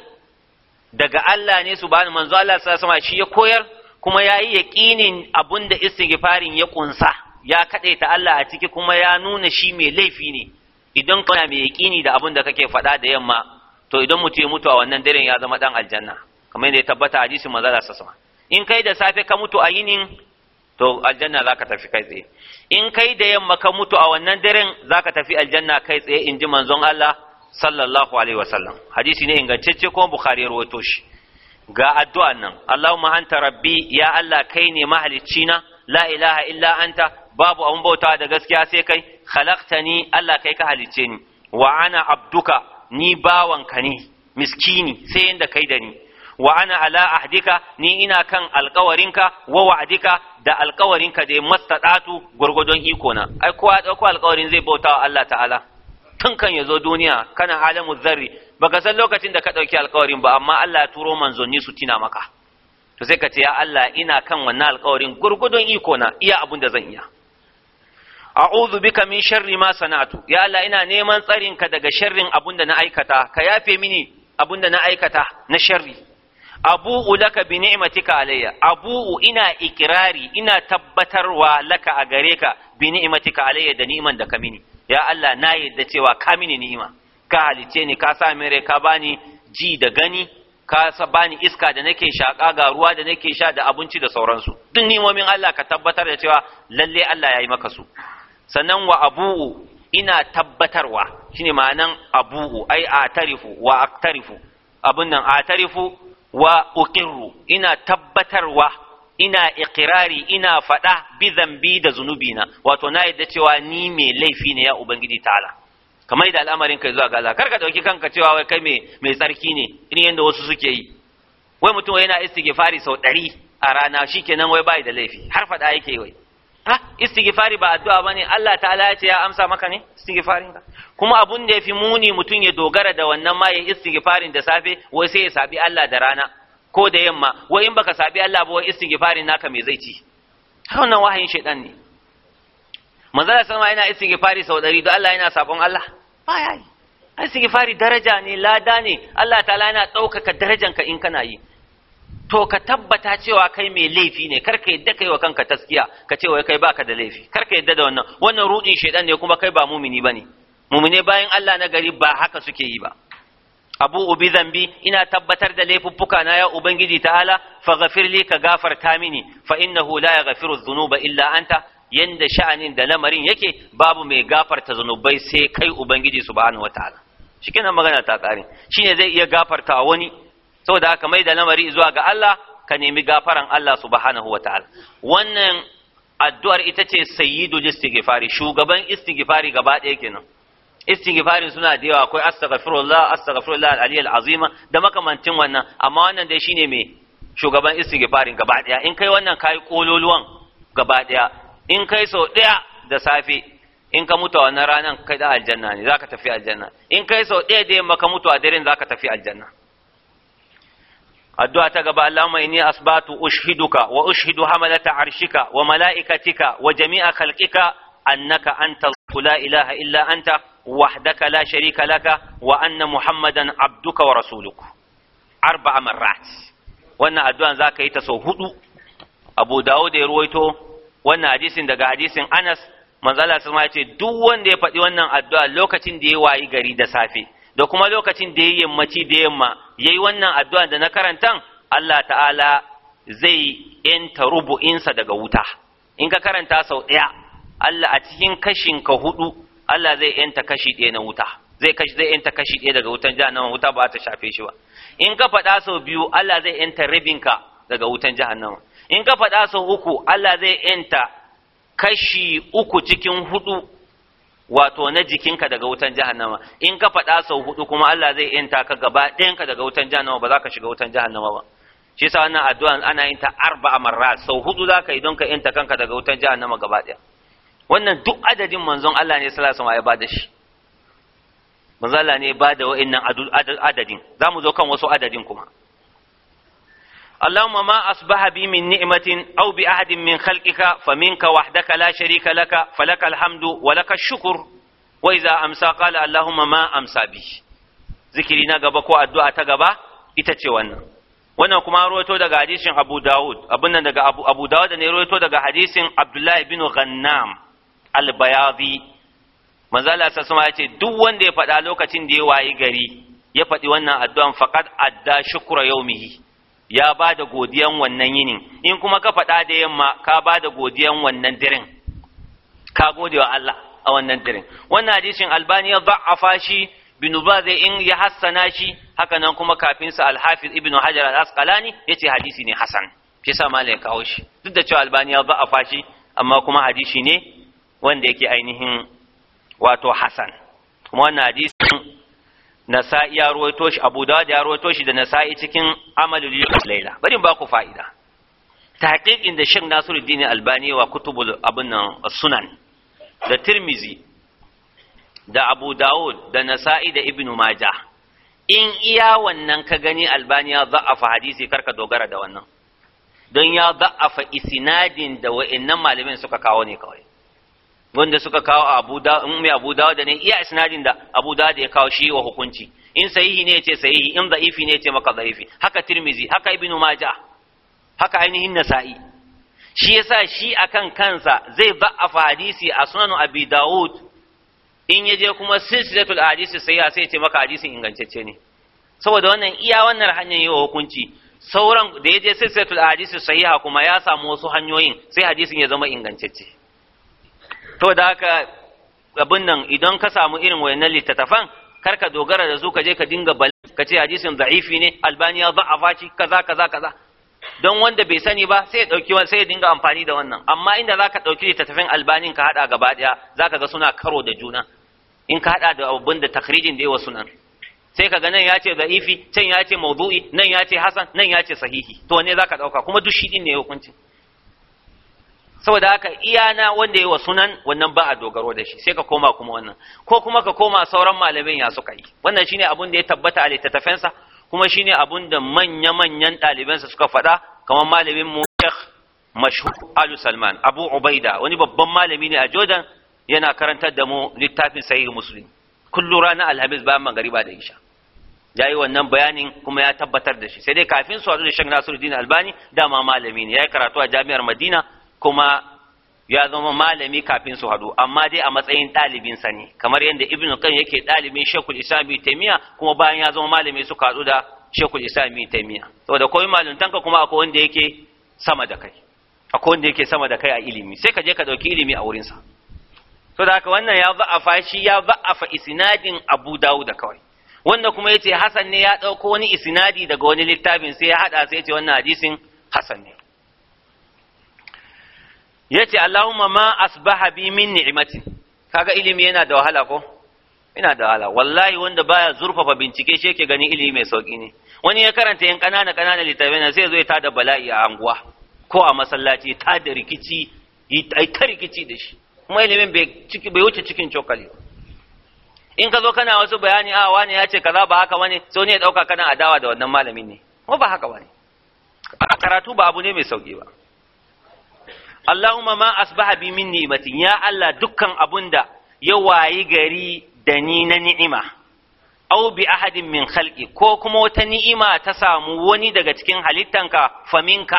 daga Allah ne su bani manzo Allah sama shi ya koyar kuma ya yi yaƙinin abin da istighfarin ya ƙunsa ya kaɗaita Allah a ciki kuma ya nuna shi mai laifi ne idan kana mai yaƙini da abin da kake faɗa da yamma to idan mutum ya mutu a wannan daren ya zama ɗan aljanna kamar yadda ya tabbata maza za su sama in kai da safe ka mutu a yinin to aljanna za ka tafi kai tsaye in kai da yamma ka mutu a wannan daren ka tafi aljanna kai tsaye in ji manzon Allah sallallahu alaihi wasallam hadisi ne ingantacce kuma bukhari ya rawaito shi ga addu'an nan Allahumma anta rabbi ya Allah kai ne mahalicci na la ilaha illa anta babu abun bautawa da gaskiya sai kai khalaqtani Allah kai ka halicce ni wa ana abduka ni bawanka ne miskini sai yadda kai da ni wa ana ala ahdika ni ina kan alkawarinka wa wa'adika da alkawarinka da ya mastatatu gwargwadon iko na ai kowa ɗauko alkawarin zai bautawa Allah ta'ala tun kan ya zo duniya kana alamu zarri baka san lokacin da ka ɗauki alkawarin ba amma Allah ya turo manzanni su tina maka to sai ka ce ya Allah ina kan wannan alkawarin gurgudun iko na iya abun da zan iya a'udhu bika min sharri ma sana'tu ya Allah ina neman tsarin ka daga sharrin abun da na aikata ka yafe mini abun da na aikata na sharri abu'u laka bi ni'matika alayya abu'u ina ikirari ina tabbatarwa laka a gare ka bi ni'matika alayya da ni'iman da ka mini ya Allah na yadda cewa ka mini ni'ima ka halice ni ka sa mere ka bani ji da gani ka sa bani iska da nake shaka ga ruwa da nake sha da abinci da sauransu duk ni'imomin Allah ka tabbatar da cewa lalle Allah ya yi maka su sannan wa abu'u ina tabbatarwa shine ma'anan abu'u ai atarifu wa aktarifu abin nan atarifu wa uqirru ina tabbatarwa ina ikirari ina faɗa bi zambi da na, wato na yadda cewa ni me laifi ne ya ubangiji ta'ala kamar da al'amarin kai zuwa ga Allah kar ka dauki kanka cewa wai kai mai tsarki ne irin yadda wasu suke yi wai mutum yana istighfari sau ɗari a rana shikenan wai bai da laifi har faɗa yake wai ha istighfari ba addu'a bane Allah ta'ala ya ce ya amsa maka ne istighfarin ka kuma abun da yafi muni mutum ya dogara da wannan ma ya istighfarin da safe wai sai ya sabi Allah da rana ko da yamma wai in baka sabi Allah ba wa istighfari naka me zai ci har wannan wahayin shaytan ne manzala sama yana istighfari sau ɗari don Allah yana sabon Allah ba ya yi istighfari daraja ne lada ne Allah ta'ala yana ɗaukaka ka in kana yi to ka tabbata cewa kai mai laifi ne kar ka yadda kai wa kanka taskiya ka ce wai kai baka da laifi kar ka yadda da wannan wannan rudin shaidan ne kuma kai ba mumini bane mumine bayan Allah na gari ba haka suke yi ba abu ubi zambi ina tabbatar da laifuffuka na ya ubangiji ta'ala faghfirli ka gafarta mini fa innahu la yaghfiru dhunuba illa anta yanda sha'anin da lamarin yake babu mai gafarta zunubai sai kai ubangiji subhanahu wataala nan magana ta kare shine zai iya gafarta wani saboda haka mai da lamari zuwa ga Allah ka nemi gafaran Allah subhanahu wataala wannan addu'ar ita ce sayyidul istighfari shugaban istighfari gaba ɗaya kenan istighfarin suna da yawa akwai astaghfirullah astaghfirullah al-aliyyul azima da makamantin wannan amma wannan dai shine me shugaban istighfarin gaba daya in kai wannan kai kololuwan gaba daya in kai sau daya da safe in ka mutu wannan ranan kai da aljanna ne zaka tafi aljanna in kai sau daya da yamma ka mutu a daren zaka tafi aljanna addu'a ta gaba Allahumma inni asbatu ushhiduka wa ushhidu hamalata arshika wa mala'ikatika wa jami'a khalqika annaka antal la ilaha illa anta وحدك لا شريك لك وأن محمدا عبدك ورسولك أربع مرات yi ta ذاك يتسوهد أبو ya ruwaito وأن hadisin daga hadisin anas manzala su ma ya ce duk wanda ya faɗi wannan addu'a lokacin da ya wayi gari da safe da kuma lokacin da ya yammaci da yamma ya yi wannan addu'a da na karantan Allah ta'ala zai ‘yanta rubu'insa daga wuta in ka karanta sau ɗaya Allah a cikin kashin ka hudu Allah zai yanta kashi ɗaya na wuta zai kashi zai yanta kashi ɗaya daga wutan jahannama wuta ba ta shafe shi ba in ka faɗa sau biyu Allah zai yanta ka daga wutan jahannama in ka faɗa sau uku Allah zai yanta kashi uku cikin hudu wato na jikinka daga wutan jahannama in ka faɗa sau hudu kuma Allah zai yanta ka gaba ka daga wutan jahannama ba za ka shiga wutan jahannama ba shi yasa wannan addu'a ana yin ta arba'a marra sau hudu za ka yi don ka yanta kanka daga wutan jahannama gaba ɗaya wannan duk adadin manzon Allah ne sallallahu alaihi wasallam ya bada shi manzon Allah ne bada wa'annan adadin zamu zo kan wasu adadin kuma اللهم ما أصبح بي من نعمة أو بأحد من خلقك فمنك وحدك لا شريك لك فلك الحمد ولك الشكر وإذا أمسى قال اللهم ما أمسى بي ذكرنا قبكو الدعاء تقبا إتتشوانا وانا كما رويتو دقا حديث أبو داود أبنا دقا أبو, أبو داود أنا رويتو دقا حديث عبد الله بن غنام al-bayadi manzo Allah sassuma ya ce duk wanda ya faɗa lokacin da ya wayi gari ya faɗi wannan addu'an faqad adda shukra yaumihi ya ba da godiyan wannan yinin in kuma ka faɗa da yamma ka ba da godiyan wannan diren, ka gode wa Allah a wannan diren. wannan hadisin albani ya da'afa shi bin zai in ya hassana shi haka nan kuma kafin sa al-hafiz ibn hajar al-asqalani yace hadisi ne hasan shi sa malai ya kawo shi duk da cewa albani ya da'afa shi amma kuma hadisi ne wanda yake ainihin wato Hassan kuma wannan nasa'i ya ruwaito shi abu dawud ya ruwaito shi da nasa'i cikin amalul yawm laila bari ba ku fa'ida tahqiqin da Sheikh Nasiruddin Albani wa kutubul abun nan sunan da Tirmizi da Abu Dawud da Nasa'i da Ibn Majah in iya wannan ka gani Albani ya za'afa hadisi karka dogara da wannan don ya za'afa isnadin da wa'annan malamin suka kawo ne kawai wanda suka kawo abu da in mai abu da ne iya isnadin da abu da ya kawo shi wa hukunci in sahihi ne yace sahihi in da'ifi ne yace maka da'ifi haka tirmizi haka ibnu majah haka ainihin nasa'i shi yasa shi akan kansa zai ba'afa hadisi a sunan abi daud in yaje kuma silsilatul hadisi sai ya sai yace maka hadisin ingantacce ne saboda wannan iya wannan hanyar yi wa hukunci sauran da yaje silsilatul hadisi sahiha kuma ya samu wasu hanyoyin sai hadisin ya zama ingantacce to da haka abin nan idan ka samu irin wayannan littattafan kar ka dogara da su ka je ka dinga bal ka ce hadisin da'ifi ne albani ya za'afa shi kaza kaza kaza don wanda bai sani ba sai ya dauki sai ya dinga amfani da wannan amma inda zaka dauki littattafan albanin ka hada gaba daya zaka ga suna karo da juna in ka hada da abin da takhrijin da yawa sunan sai ka ga nan ya ce da'ifi can ya ce mawdu'i nan ya ce hasan nan ya ce sahihi to ne zaka dauka kuma duk shi din ne hukuncin saboda haka na wanda yi wa sunan wannan ba a dogaro da shi sai ka koma kuma wannan ko kuma ka koma sauran malamin ya suka yi wannan shine abun da ya tabbata a littattafensa kuma shine abun da manya-manyan ɗalibansa suka faɗa kamar malamin mu Sheikh mashhur Alu Salman Abu Ubaida wani babban malami ne a Jordan yana karantar da mu littafin Sahih Muslim kullu rana Alhamis bayan magariba da Isha ya yi wannan bayanin kuma ya tabbatar da shi sai dai kafin su haɗu da Sheikh Nasiruddin Albani dama malami ne ya yi karatu a Jami'ar Madina kuma ya zama malami kafin su haɗu amma dai a matsayin ɗalibinsa ne kamar yadda ibnu kan yake ɗalibin shekul islam bin taimiya kuma bayan ya zama malami suka haɗu da shekul islam bin taimiya saboda koyi malintanka kuma akwai wanda yake sama da kai akwai wanda yake sama da kai a ilimi sai ka je ka ɗauki ilimi a wurinsa to da haka wannan ya za'afa shi ya za'afa isnadin abu dawud kawai wanda kuma yace hasan ne ya ɗauko wani isnadi daga wani littafin sai ya haɗa sai yace wannan hadisin hasan ne Ya ce Allahumma ma asbaha bi min ni'matin kaga ilimi yana da wahala ko ina da wahala wallahi wanda baya zurfafa bincike shi yake gani ilimi mai sauki ne wani ya karanta yan kanana kanana litafin sai zo ya tada bala'i a anguwa ko a masallaci ta da rikici ai ta rikici da shi kuma ilimin bai ciki bai wuce cikin cokali in ka zo kana wasu bayani a wani ya ce kaza ba haka wani sai ne ya dauka kana adawa da wannan malamin ne ko ba haka bane karatu ba abu ne mai sauki ba Allahumma ma asbaha bi min ni'matin ya Allah dukkan abunda ya wayi gari da ni na ni'ima aw bi ahadin min khalqi ko kuma wata ni'ima ta samu wani daga cikin halittanka faminka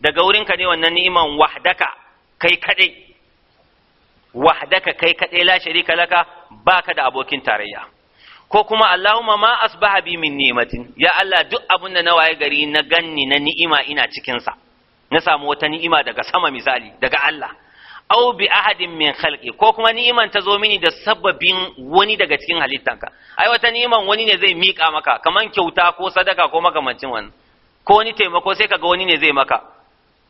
daga wurinka ne wannan ni'iman wahdaka kai kade wahdaka kai kade la sharika laka baka da abokin tarayya ko kuma Allahumma ma asbaha bi min ni'matin ya Allah duk abunda na wayi gari na ganni na ni'ima ina cikin sa na samu wata ni'ima daga sama misali daga Allah aw bi ahadin min khalqi ko kuma ni'iman ta zo mini da sababin wani daga cikin halittanka ai wata ni'iman wani ne zai mika maka kaman kyauta ko sadaka ko makamancin wannan ko wani taimako sai kaga wani ne zai maka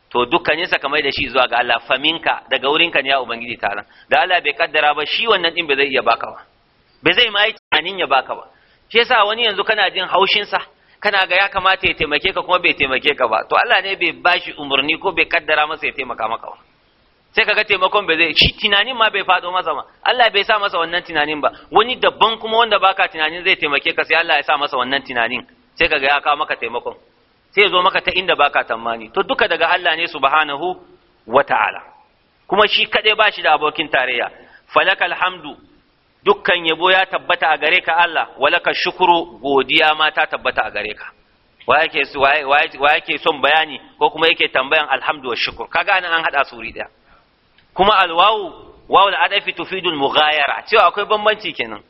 to dukkanin sa kamar da shi zuwa ga Allah faminka daga wurinka ne ya ubangiji taron da Allah bai kaddara ba shi wannan din bai zai iya baka ba bai zai mai yi ya baka ba shi yasa wani yanzu kana jin haushin sa kana ga ya kamata ya taimake ka kuma bai taimake ka ba to Allah ne bai bashi umarni ko bai kaddara masa ya taimaka maka ba sai kaga taimakon bai zai shi tunanin ma bai faɗo masa ba Allah bai sa masa wannan tunanin ba wani dabban kuma wanda baka tunanin zai taimake ka sai Allah ya sa masa wannan tunanin sai kaga ya kawo maka taimakon sai ya zo maka ta inda baka tamani to duka daga Allah ne subhanahu wata'ala kuma shi kadai bashi da abokin tarayya falakal hamdu dukkan yabo ya tabbata a gare ka Allah walaka shukuru godiya ma ta tabbata a gare ka wa yake wa son bayani ko kuma yake tambayan alhamdu wa shukur Ka gane an hada suri ɗaya. kuma alwawu wawul adafi tufidul mughayara cewa akwai bambanci kenan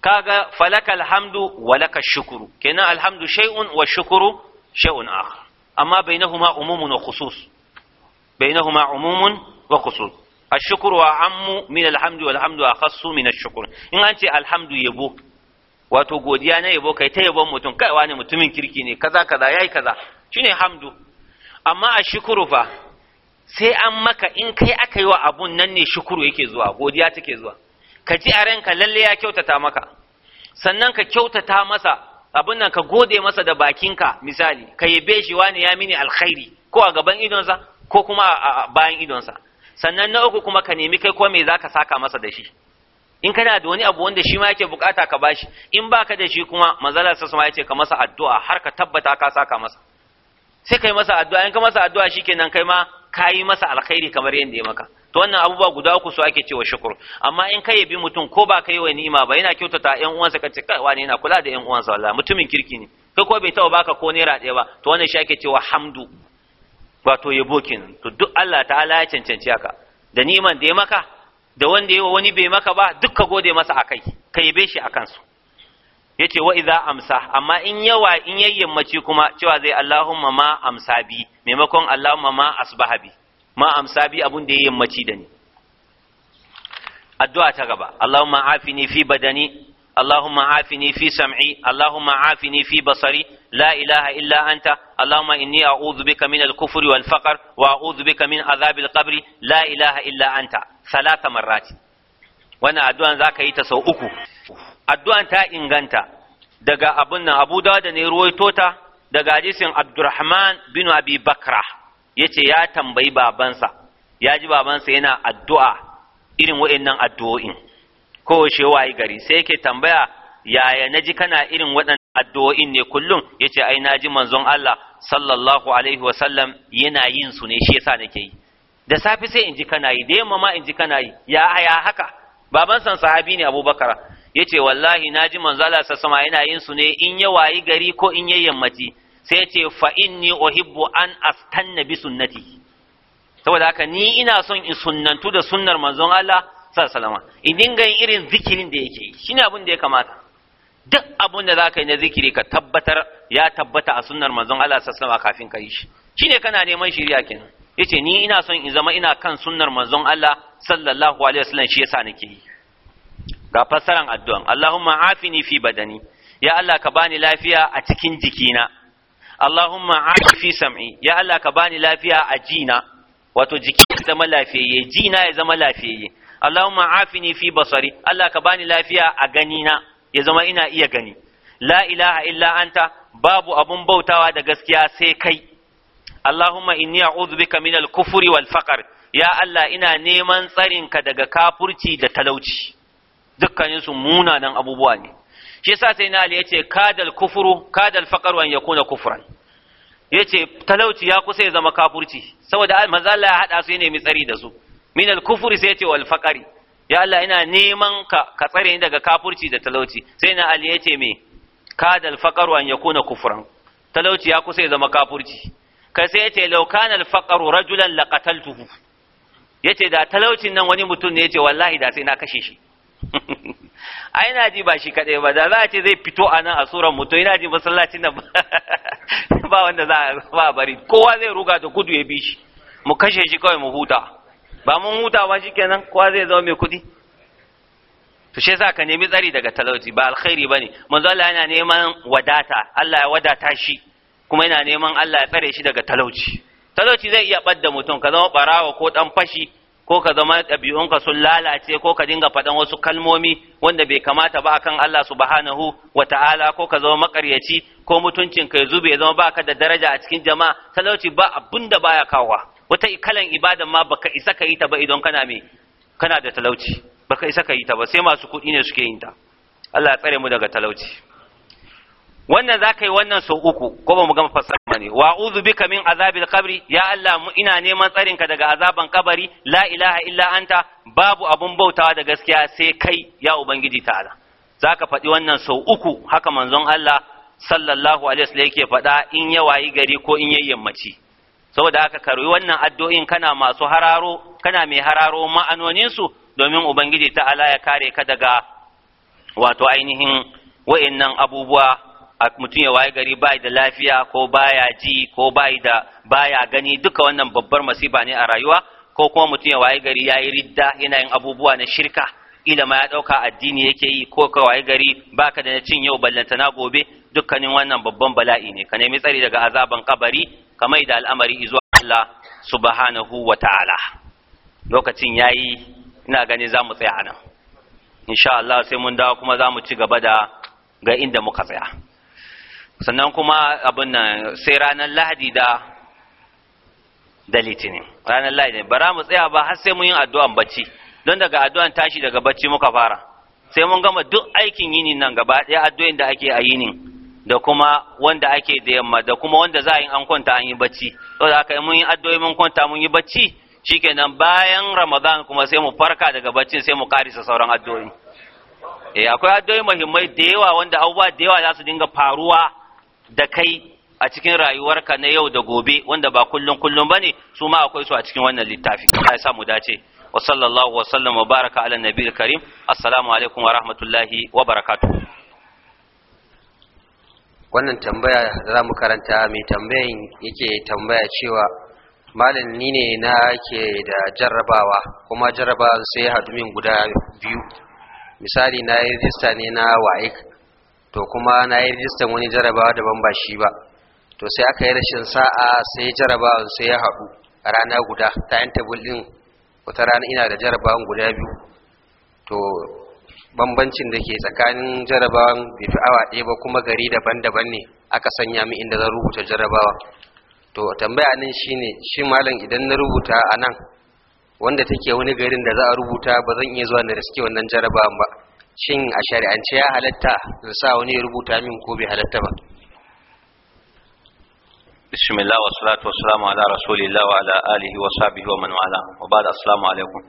kaga falaka alhamdu walaka shukuru kenan alhamdu shay'un wa shukuru shay'un akhar amma bainahuma umumun wa khusus bainahuma umumun wa khusus ashukuru wa ammu min alhamdu walhamdu a khassu min ashukuru in an ce alhamdu yabo wato godiya na yabo kai ta yabon mutum kai wani mutumin kirki ne kaza kaza yayi kaza shine hamdu amma ashukuru fa sai an maka in kai aka yi wa abun nan ne shukuru yake zuwa godiya take zuwa ka ji a ranka lalle ya kyautata maka sannan ka kyautata masa abin nan ka gode masa da bakinka misali ka yabe shi wani ya mini alkhairi ko a gaban idonsa ko kuma a bayan idonsa sannan na uku kuma ka nemi kai ko me za ka saka masa da shi in kana da wani abu wanda shi ma yake bukata ka bashi in baka da shi kuma manzala sa sama yace ka masa addu'a har ka tabbata ka saka masa sai kai masa addu'a in ka masa addu'a shikenan kai ma ka yi masa alkhairi kamar yadda ya maka to wannan abubuwa guda uku su ake cewa shukur amma in ka bi mutum ko ba ka yi wa ni'ima ba yana kyautata ƴan uwansa ka ce kai wani yana kula da ƴan uwansa wallahi mutumin kirki ne kai ko bai taɓa baka ko naira ɗaya ba to wannan shi ake cewa hamdu wato yabo kenan to duk Allah ta'ala ya cancanci haka da niman da ya maka da wanda yawa wani bai maka ba duk ka gode masa akai ka yabe shi a kansu. yace wa idza amsa amma in yawa in mace kuma cewa zai Allahumma ma amsa bi maimakon Allahumma ma asbaha bi ma amsa bi abun da mace da ni addu'a ta gaba Allahumma afini fi badani اللهم عافني في سمعي اللهم عافني في بصري لا إله إلا أنت اللهم إني أعوذ بك من الكفر والفقر وأعوذ بك من عذاب القبر لا إله إلا أنت ثلاث مرات وانا أدوان ذاك يتسو أكو أدوان تا إنغانتا دقا أبونا أبو داود نيروي توتا دقا جيسن عبد الرحمن بن أبي بكرة يتي يا تنبي بابانسا يا جي بابانسا هنا الدعاء إرن وإنن الدعوين ko shi wayi gari sai yake tambaya yaya naji kana irin waɗannan addu'o'in ne kullum yace ai naji manzon Allah sallallahu alaihi wasallam yana yin su ne shi yasa nake yi da safi sai inji ji kana yi da yamma ma inji ji kana yi ya ya haka baban san sahabi ne Abubakar yace wallahi naji manzon Allah sallallahu alaihi yana yin su ne in ya wayi gari ko in ya yammaci sai yace fa inni uhibbu an astanna bi sunnati saboda haka ni ina son in sunnantu da sunnar manzon Allah sallallahu in dinga yin irin zikirin da yake yi shine abin da ya kamata duk abin da za ka yi na zikiri ka tabbatar ya tabbata a sunnar manzon Allah sallallahu kafin ka yi shi shine kana neman shiriya kenan yace ni ina son in zama ina kan sunnar manzon Allah sallallahu alaihi wasallam shi yasa nake yi ga fassaran addu'an Allahumma afini fi badani ya Allah ka bani lafiya a cikin jikina Allahumma afi fi sam'i ya Allah ka bani lafiya a jina wato jiki ya zama lafiyayye jina ya zama lafiyayye Allahumma afini fi basari Allah ka bani lafiya a gani na ya zama ina iya gani la ilaha illa anta babu abun bautawa da gaskiya sai kai Allahumma inni a'udhu bika min al-kufri wal faqr ya Allah ina neman tsarinka daga kafurci da talauci dukkanin su munanan abubuwa ne shi yasa sai na Ali yace kadal kufru kadal faqr wan yakuna kufran yace talauci ya kusa ya zama kafurci saboda manzo Allah ya hada su ne mai tsari da su min al-kufri sai ce wal faqari ya Allah ina neman ka ka tsare ni daga kafurci da talauci sai na ali yace me kada al-faqaru an yakuna kufran talauci ya kusa ya zama kafurci kai sai yace law kana al-faqaru rajulan laqataltuhu yace da talaucin nan wani mutum ne yace wallahi da sai na kashe shi ai na ji ba shi kadai ba da za a ce zai fito a nan a suran mutum ina ji masallacin nan ba wanda za a bari kowa zai ruga da gudu ya bi shi mu kashe shi kawai mu huta ba mun huta ba kenan kowa zai zama mai kuɗi to shi yasa ka nemi tsari daga talauci ba alkhairi bane manzo Allah yana neman wadata Allah ya wadata shi kuma yana neman Allah ya tsare shi daga talauci talauci zai iya badda mutum ka zama barawa ko dan fashi ko ka zama ka sun lalace ko ka dinga faɗan wasu kalmomi wanda bai kamata ba akan Allah subhanahu wata'ala ko ka zama makaryaci ko mutuncin ka ya zube ya zama baka da daraja a cikin jama'a talauci ba abinda baya kawowa wata kalan ibadan ma baka isa ka yi ta ba idan kana me kana da talauci baka isa ka yi ta ba sai masu kuɗi ne suke yin ta Allah ya tsare mu daga talauci wannan za ka yi wannan sau uku ko ba mu gama fassara ne wa uzu bika min azabil qabri ya Allah mu ina neman tsarin ka daga azaban kabari la ilaha illa anta babu abun bautawa da gaskiya sai kai ya ubangiji ta'ala zaka faɗi wannan sau uku haka manzon Allah sallallahu alaihi wasallam yake faɗa in ya wayi gari ko in yayi yammaci saboda haka karuyi wannan addu'in kana masu hararo kana mai hararo ma'anoninsu domin ubangiji ta ala ya kare ka daga wato ainihin wa'innan abubuwa a mutum ya waye gari bai da lafiya ko baya ji ko bai da baya gani duka wannan babbar masiba ne a rayuwa ko kuma mutum ya waye gari ya yi ridda yana yin abubuwa na shirka ilama ma ya ɗauka addini yake yi ko kawai gari baka da na cin yau na gobe dukkanin wannan babban bala'i ne ka nemi tsari daga azaban kabari kamar da al'amari izuwa Allah subhanahu wa ta'ala lokacin yayi ina gani za mu tsaya nan insha Allah sai mun dawo kuma za mu ci gaba da ga inda muka tsaya sannan kuma abin nan sai ranar lahadi da da litinin ranar lahadi bara mu tsaya ba har sai mun yi addu'an bacci don daga addu'an tashi daga bacci muka fara sai mun gama duk aikin yini nan gaba ɗaya addu'in da ake a yinin da kuma wanda ake da yamma da kuma wanda za a yi an kwanta an yi bacci aka yi mun yi addu'o'i mun kwanta mun yi bacci shikenan bayan ramadan kuma sai mu farka daga baccin sai mu karisa sauran addu'o'i eh akwai addu'o'i muhimmai da yawa wanda abubuwa da yawa za su dinga faruwa da kai a cikin rayuwarka na yau da gobe wanda ba kullum kullum bane su ma akwai su a cikin wannan littafi Allah ya sa mu dace wa sallallahu wa sallam wa baraka ala nabiyil karim assalamu alaikum wa rahmatullahi wa barakatuh wannan tambaya za mu karanta mai tambayin yake tambaya cewa malam ni ne na ke da jarrabawa kuma jarraba sai haɗu min guda biyu misali na yi rijista ne na wa'ik to kuma na yi rijistan wani jarrabawa daban ba shi ba to sai aka yi rashin sa'a sai jarrabawa sai ya haɗu a rana guda ta yin tabul ɗin wata rana ina da jarabawan guda biyu to bambancin da ke tsakanin jarabawan bai fi awa ɗaya ba kuma gari daban-daban ne aka sanya min inda zan rubuta jarabawa to tambaya nan shine shi malam idan na rubuta a nan wanda take wani garin da za a rubuta ba zan iya zuwa na riske wannan jarabawan ba shin a shari'ance ya halatta in sa wani ya rubuta min ko bai halatta ba بسم الله والصلاة والسلام على رسول الله وعلى وصحبه ومن والاه وبعد السلام عليكم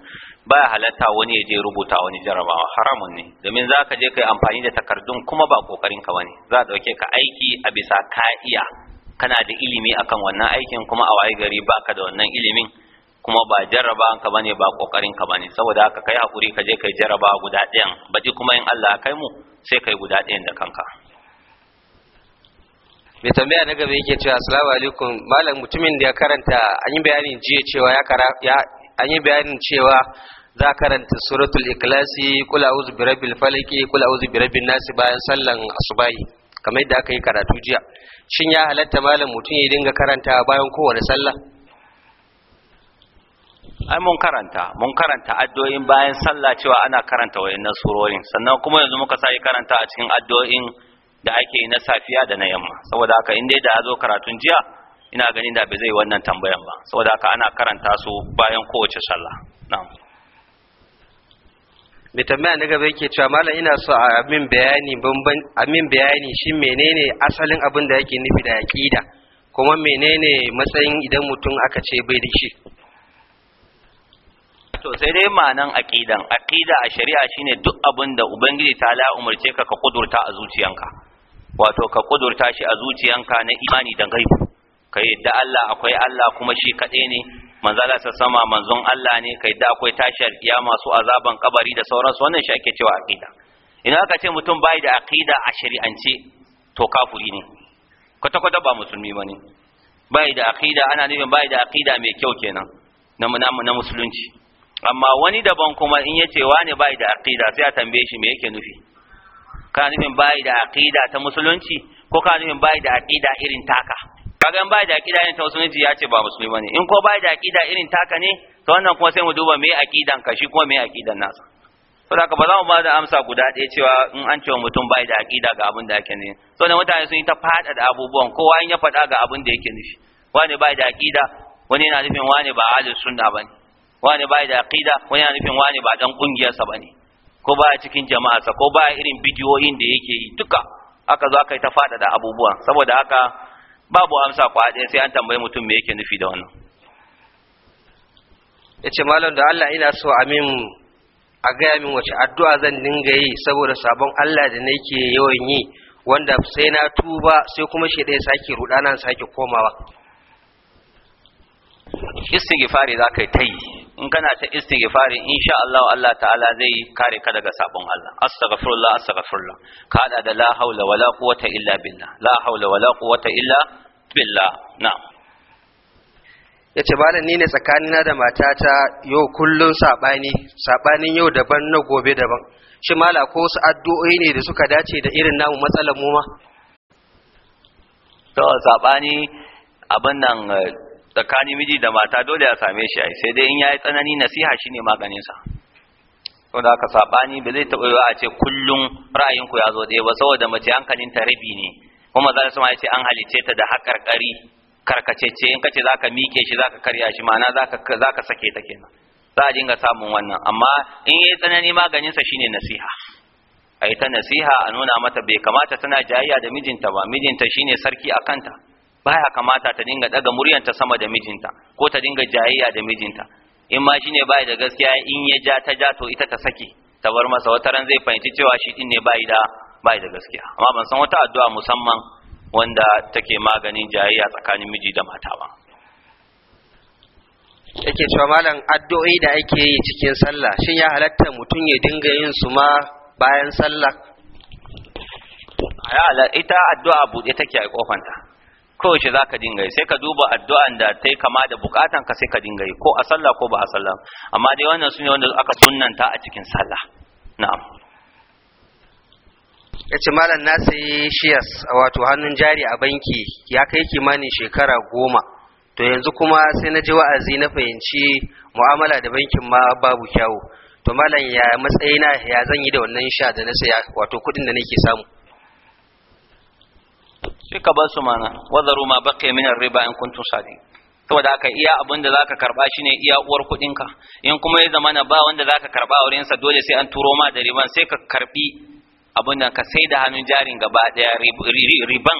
halatta wani ya je rubuta wani jarabawa haramun ne domin za ka je ka yi amfani da takardun kuma ba kokarin ka bane za dauke ka aiki a bisa kaiya kana da ilimi akan wannan aikin kuma a waye gari ba ka da wannan ilimin kuma ba jarraba ka bane ba kokarin ka bane saboda haka kai hakuri ka je kai jarraba guda ɗayan baji kuma in Allah kai mu sai kai guda ɗayan da kanka mai tambaya na gaba yake cewa asalamu alaikum malam mutumin da ya karanta an yi bayanin jiya cewa ya an yi bayanin cewa za karanta suratul ikhlasi kul a'udhu bi rabbil falaq kul a'udhu bi nas bayan sallan asubahi kamar yadda aka yi karatu jiya shin ya halatta malam mutum ya dinga karanta bayan kowane sallah ai mun karanta mun karanta addu'o'in bayan sallah cewa ana karanta wayannan surorin sannan kuma yanzu muka sai karanta a cikin addu'o'in da ake yi na safiya da na yamma saboda haka in dai da azo karatun jiya ina ganin da bai zai wannan tambayan ba saboda haka ana karanta su bayan kowace sallah na'am mai tambaya na gaba yake cewa malam ina so a min bayani bamban a min bayani shin menene asalin abin da yake nufi da aqida kuma menene matsayin idan mutum aka ce bai da shi to sai dai ma'anan aqidan aqida a shari'a shine duk abin da ubangiji ta la umarce ka ka kudurta a zuciyanka wato ka kudurta shi a zuciyanka na imani da gaibu ka yadda Allah akwai Allah kuma shi kaɗai ne manzala sa sama manzon Allah ne ka yadda akwai tashar ya masu azaban kabari da sauransu wannan shi ake cewa aqida idan aka ce mutum bai da aqida a shari'ance to kafuri ne kwata kwata ba musulmi bane bai da aqida ana nufin bai da aqida mai kyau kenan na na musulunci amma wani daban kuma in yace wani bai da aqida sai a tambaye shi me yake nufi kana nufin bayi da aqida ta musulunci ko kana nufin bayi da aqida irin taka kaga in bayi da aqida irin ta musulunci ya ce ba musulmi bane in ko bayi da aqida irin taka ne to wannan kuma sai mu duba me aqidan ka shi kuma me aqidan nasa saboda ba za mu ba da amsa guda ɗaya cewa in an cewa mutum bayi da aqida ga abin da ake ne saboda mutane sun yi ta fada da abubuwan kowa in ya faɗa ga abin da yake nufi wani bayi da aqida wani yana nufin wani ba ahlus sunna bane wani bayi da aqida wani yana nufin wani ba dan kungiyarsa bane ko baya cikin jama'arsa ko baya irin bidiyoyin da yake yi duka aka zo aka yi ta faɗaɗa abubuwa saboda haka babu amsa kwaɗe sai an tambayi mutum me yake nufi da wannan Yace ce malam da Allah ina so amin a gaya min wace addu'a zan dinga yi saboda sabon Allah da nake yawan yi wanda sai na tuba sai kuma shi ɗaya sake ruɗana sake komawa istighfari za ka yi in kana ta istighfari insha Allah Allah ta'ala zai kare ka daga sabon Allah astaghfirullah astaghfirullah ka hada da la haula wala quwwata illa billah la haula wala quwwata illa billah na'am yace malam ni ne tsakanina da matata yau kullun sabani sabanin yau daban na gobe daban shi mala ko su addu'o'i ne da suka dace da irin namu matsalar mu ma to sabani abin nan tsakanin miji da mata dole a same shi ai sai dai in yayi tsanani nasiha shine maganin sa saboda haka sabani ba zai taɓa a ce kullum ra'ayin ku ya zo dai ba saboda mace hankalin ta rabi ne kuma zan sama ya ce an halice ta da haƙarƙari karkacece in kace zaka mike shi zaka karya shi ma'ana zaka zaka sake ta kenan za a dinga samun wannan amma in yayi tsanani maganin sa shine nasiha a ta nasiha a nuna mata bai kamata tana jayayya da mijinta ba mijinta shine sarki a kanta baya kamata ta dinga daga muryanta sama da mijinta ko ta dinga jayayya da mijinta in ma shine bai da gaskiya in ya ja ta ja to ita ta saki ta bar masa wata ran zai fahimci cewa shi din ne bai da bai da gaskiya amma ban san wata addu'a musamman wanda take maganin jayayya tsakanin miji da mata ba yake cewa malam addu'o'i da ake yi cikin sallah shin ya halatta mutum ya dinga yin su ma bayan sallah ita addu'a buɗe take a kofanta kawai shi zaka dinga yi sai ka duba addu'an da ta yi kama da bukatan ka sai ka dinga yi ko a sallah ko ba a sallah amma dai wannan su ne wanda aka sunanta a cikin sallah na'am ce malam na sayi shiyas wato hannun jari a banki ya kai kimanin shekara goma to yanzu kuma sai na ji wa'azi na fahimci mu'amala da bankin ma babu kyawu to malam ya matsayina ya zan yi da wannan sha da na saya wato kuɗin da nake samu sai ka bar su mana wazaru ma baqiya min riba in kuntum sadiqin saboda haka iya abin da zaka karba shine iya uwar ka in kuma ya zamana ba wanda zaka karba wurin sa dole sai an turo ma da riban sai ka karbi abin da ka sai da hannun jarin gaba daya riban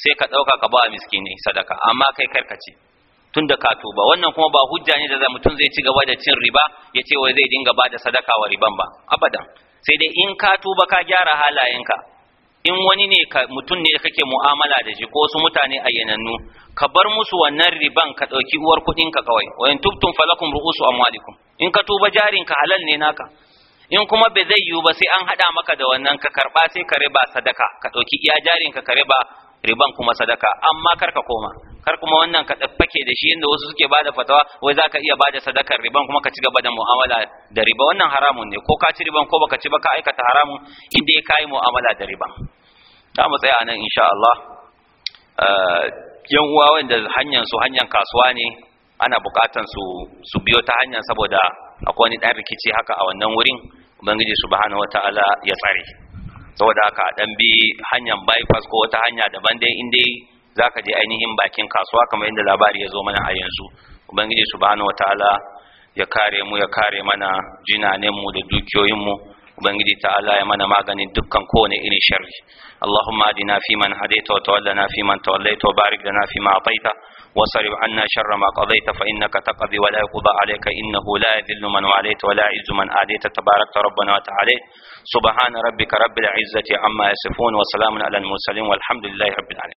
sai ka dauka ka ba miskini sadaka amma kai karkace tun da ka tuba wannan kuma ba hujja ne da mutum zai ci gaba da cin riba ya ce wai zai dinga ba da sadaka wa riban ba abadan sai dai in ka tuba ka gyara halayenka in wani ne mutum ne kake mu'amala da shi ko wasu mutane ayyanannu ka bar musu wannan riban ka ɗauki uwar kuɗin ka kawai wa in tubtum falakum ru'usu amwalikum in ka tuba jarin ka halal ne naka in kuma bai zai yiwu ba sai an haɗa maka da wannan ka karɓa sai ka riba sadaka ka ɗauki iya jarin ka ka riba riban kuma sadaka amma kar ka koma kar kuma wannan ka dafake da shi inda wasu suke bada fatawa wai zaka iya bada sadakar riban kuma ka ci gaba da mu'amala da riba wannan haramun ne ko ka ci riban ko baka ci ba ka aikata haramun inda kai mu'amala da riban za mu tsaya nan insha Allah eh, yan uwa wanda hanyar su hanyar kasuwa ne ana bukatan su su biyo ta hanyar saboda akwai wani dan rikici haka a wannan wurin ubangiji subhanahu wataala ya tsare saboda haka dan bi hanyar bypass ko wata hanya daban dai in dai zaka je ainihin bakin kasuwa kamar yadda labari ya zo mana a yanzu ubangiji subhanahu wataala ya kare mu ya kare mana jinanen mu da dukiyoyin mu ubangiji ta Allah ya mana maganin dukkan kowane irin sharri allahumma adina fi man hadaita wa tawallana fi man tawallaita wa barik lana fi ma ataita wa sarif anna sharra ma qadaita fa innaka taqdi wa la yuqda alayka innahu la yadhillu man walaita wa la yu'izzu man adaita tabarakta rabbana wa ta'ala subhana rabbika rabbil izzati amma yasifun wa salamun alal mursalin walhamdulillahi rabbil alamin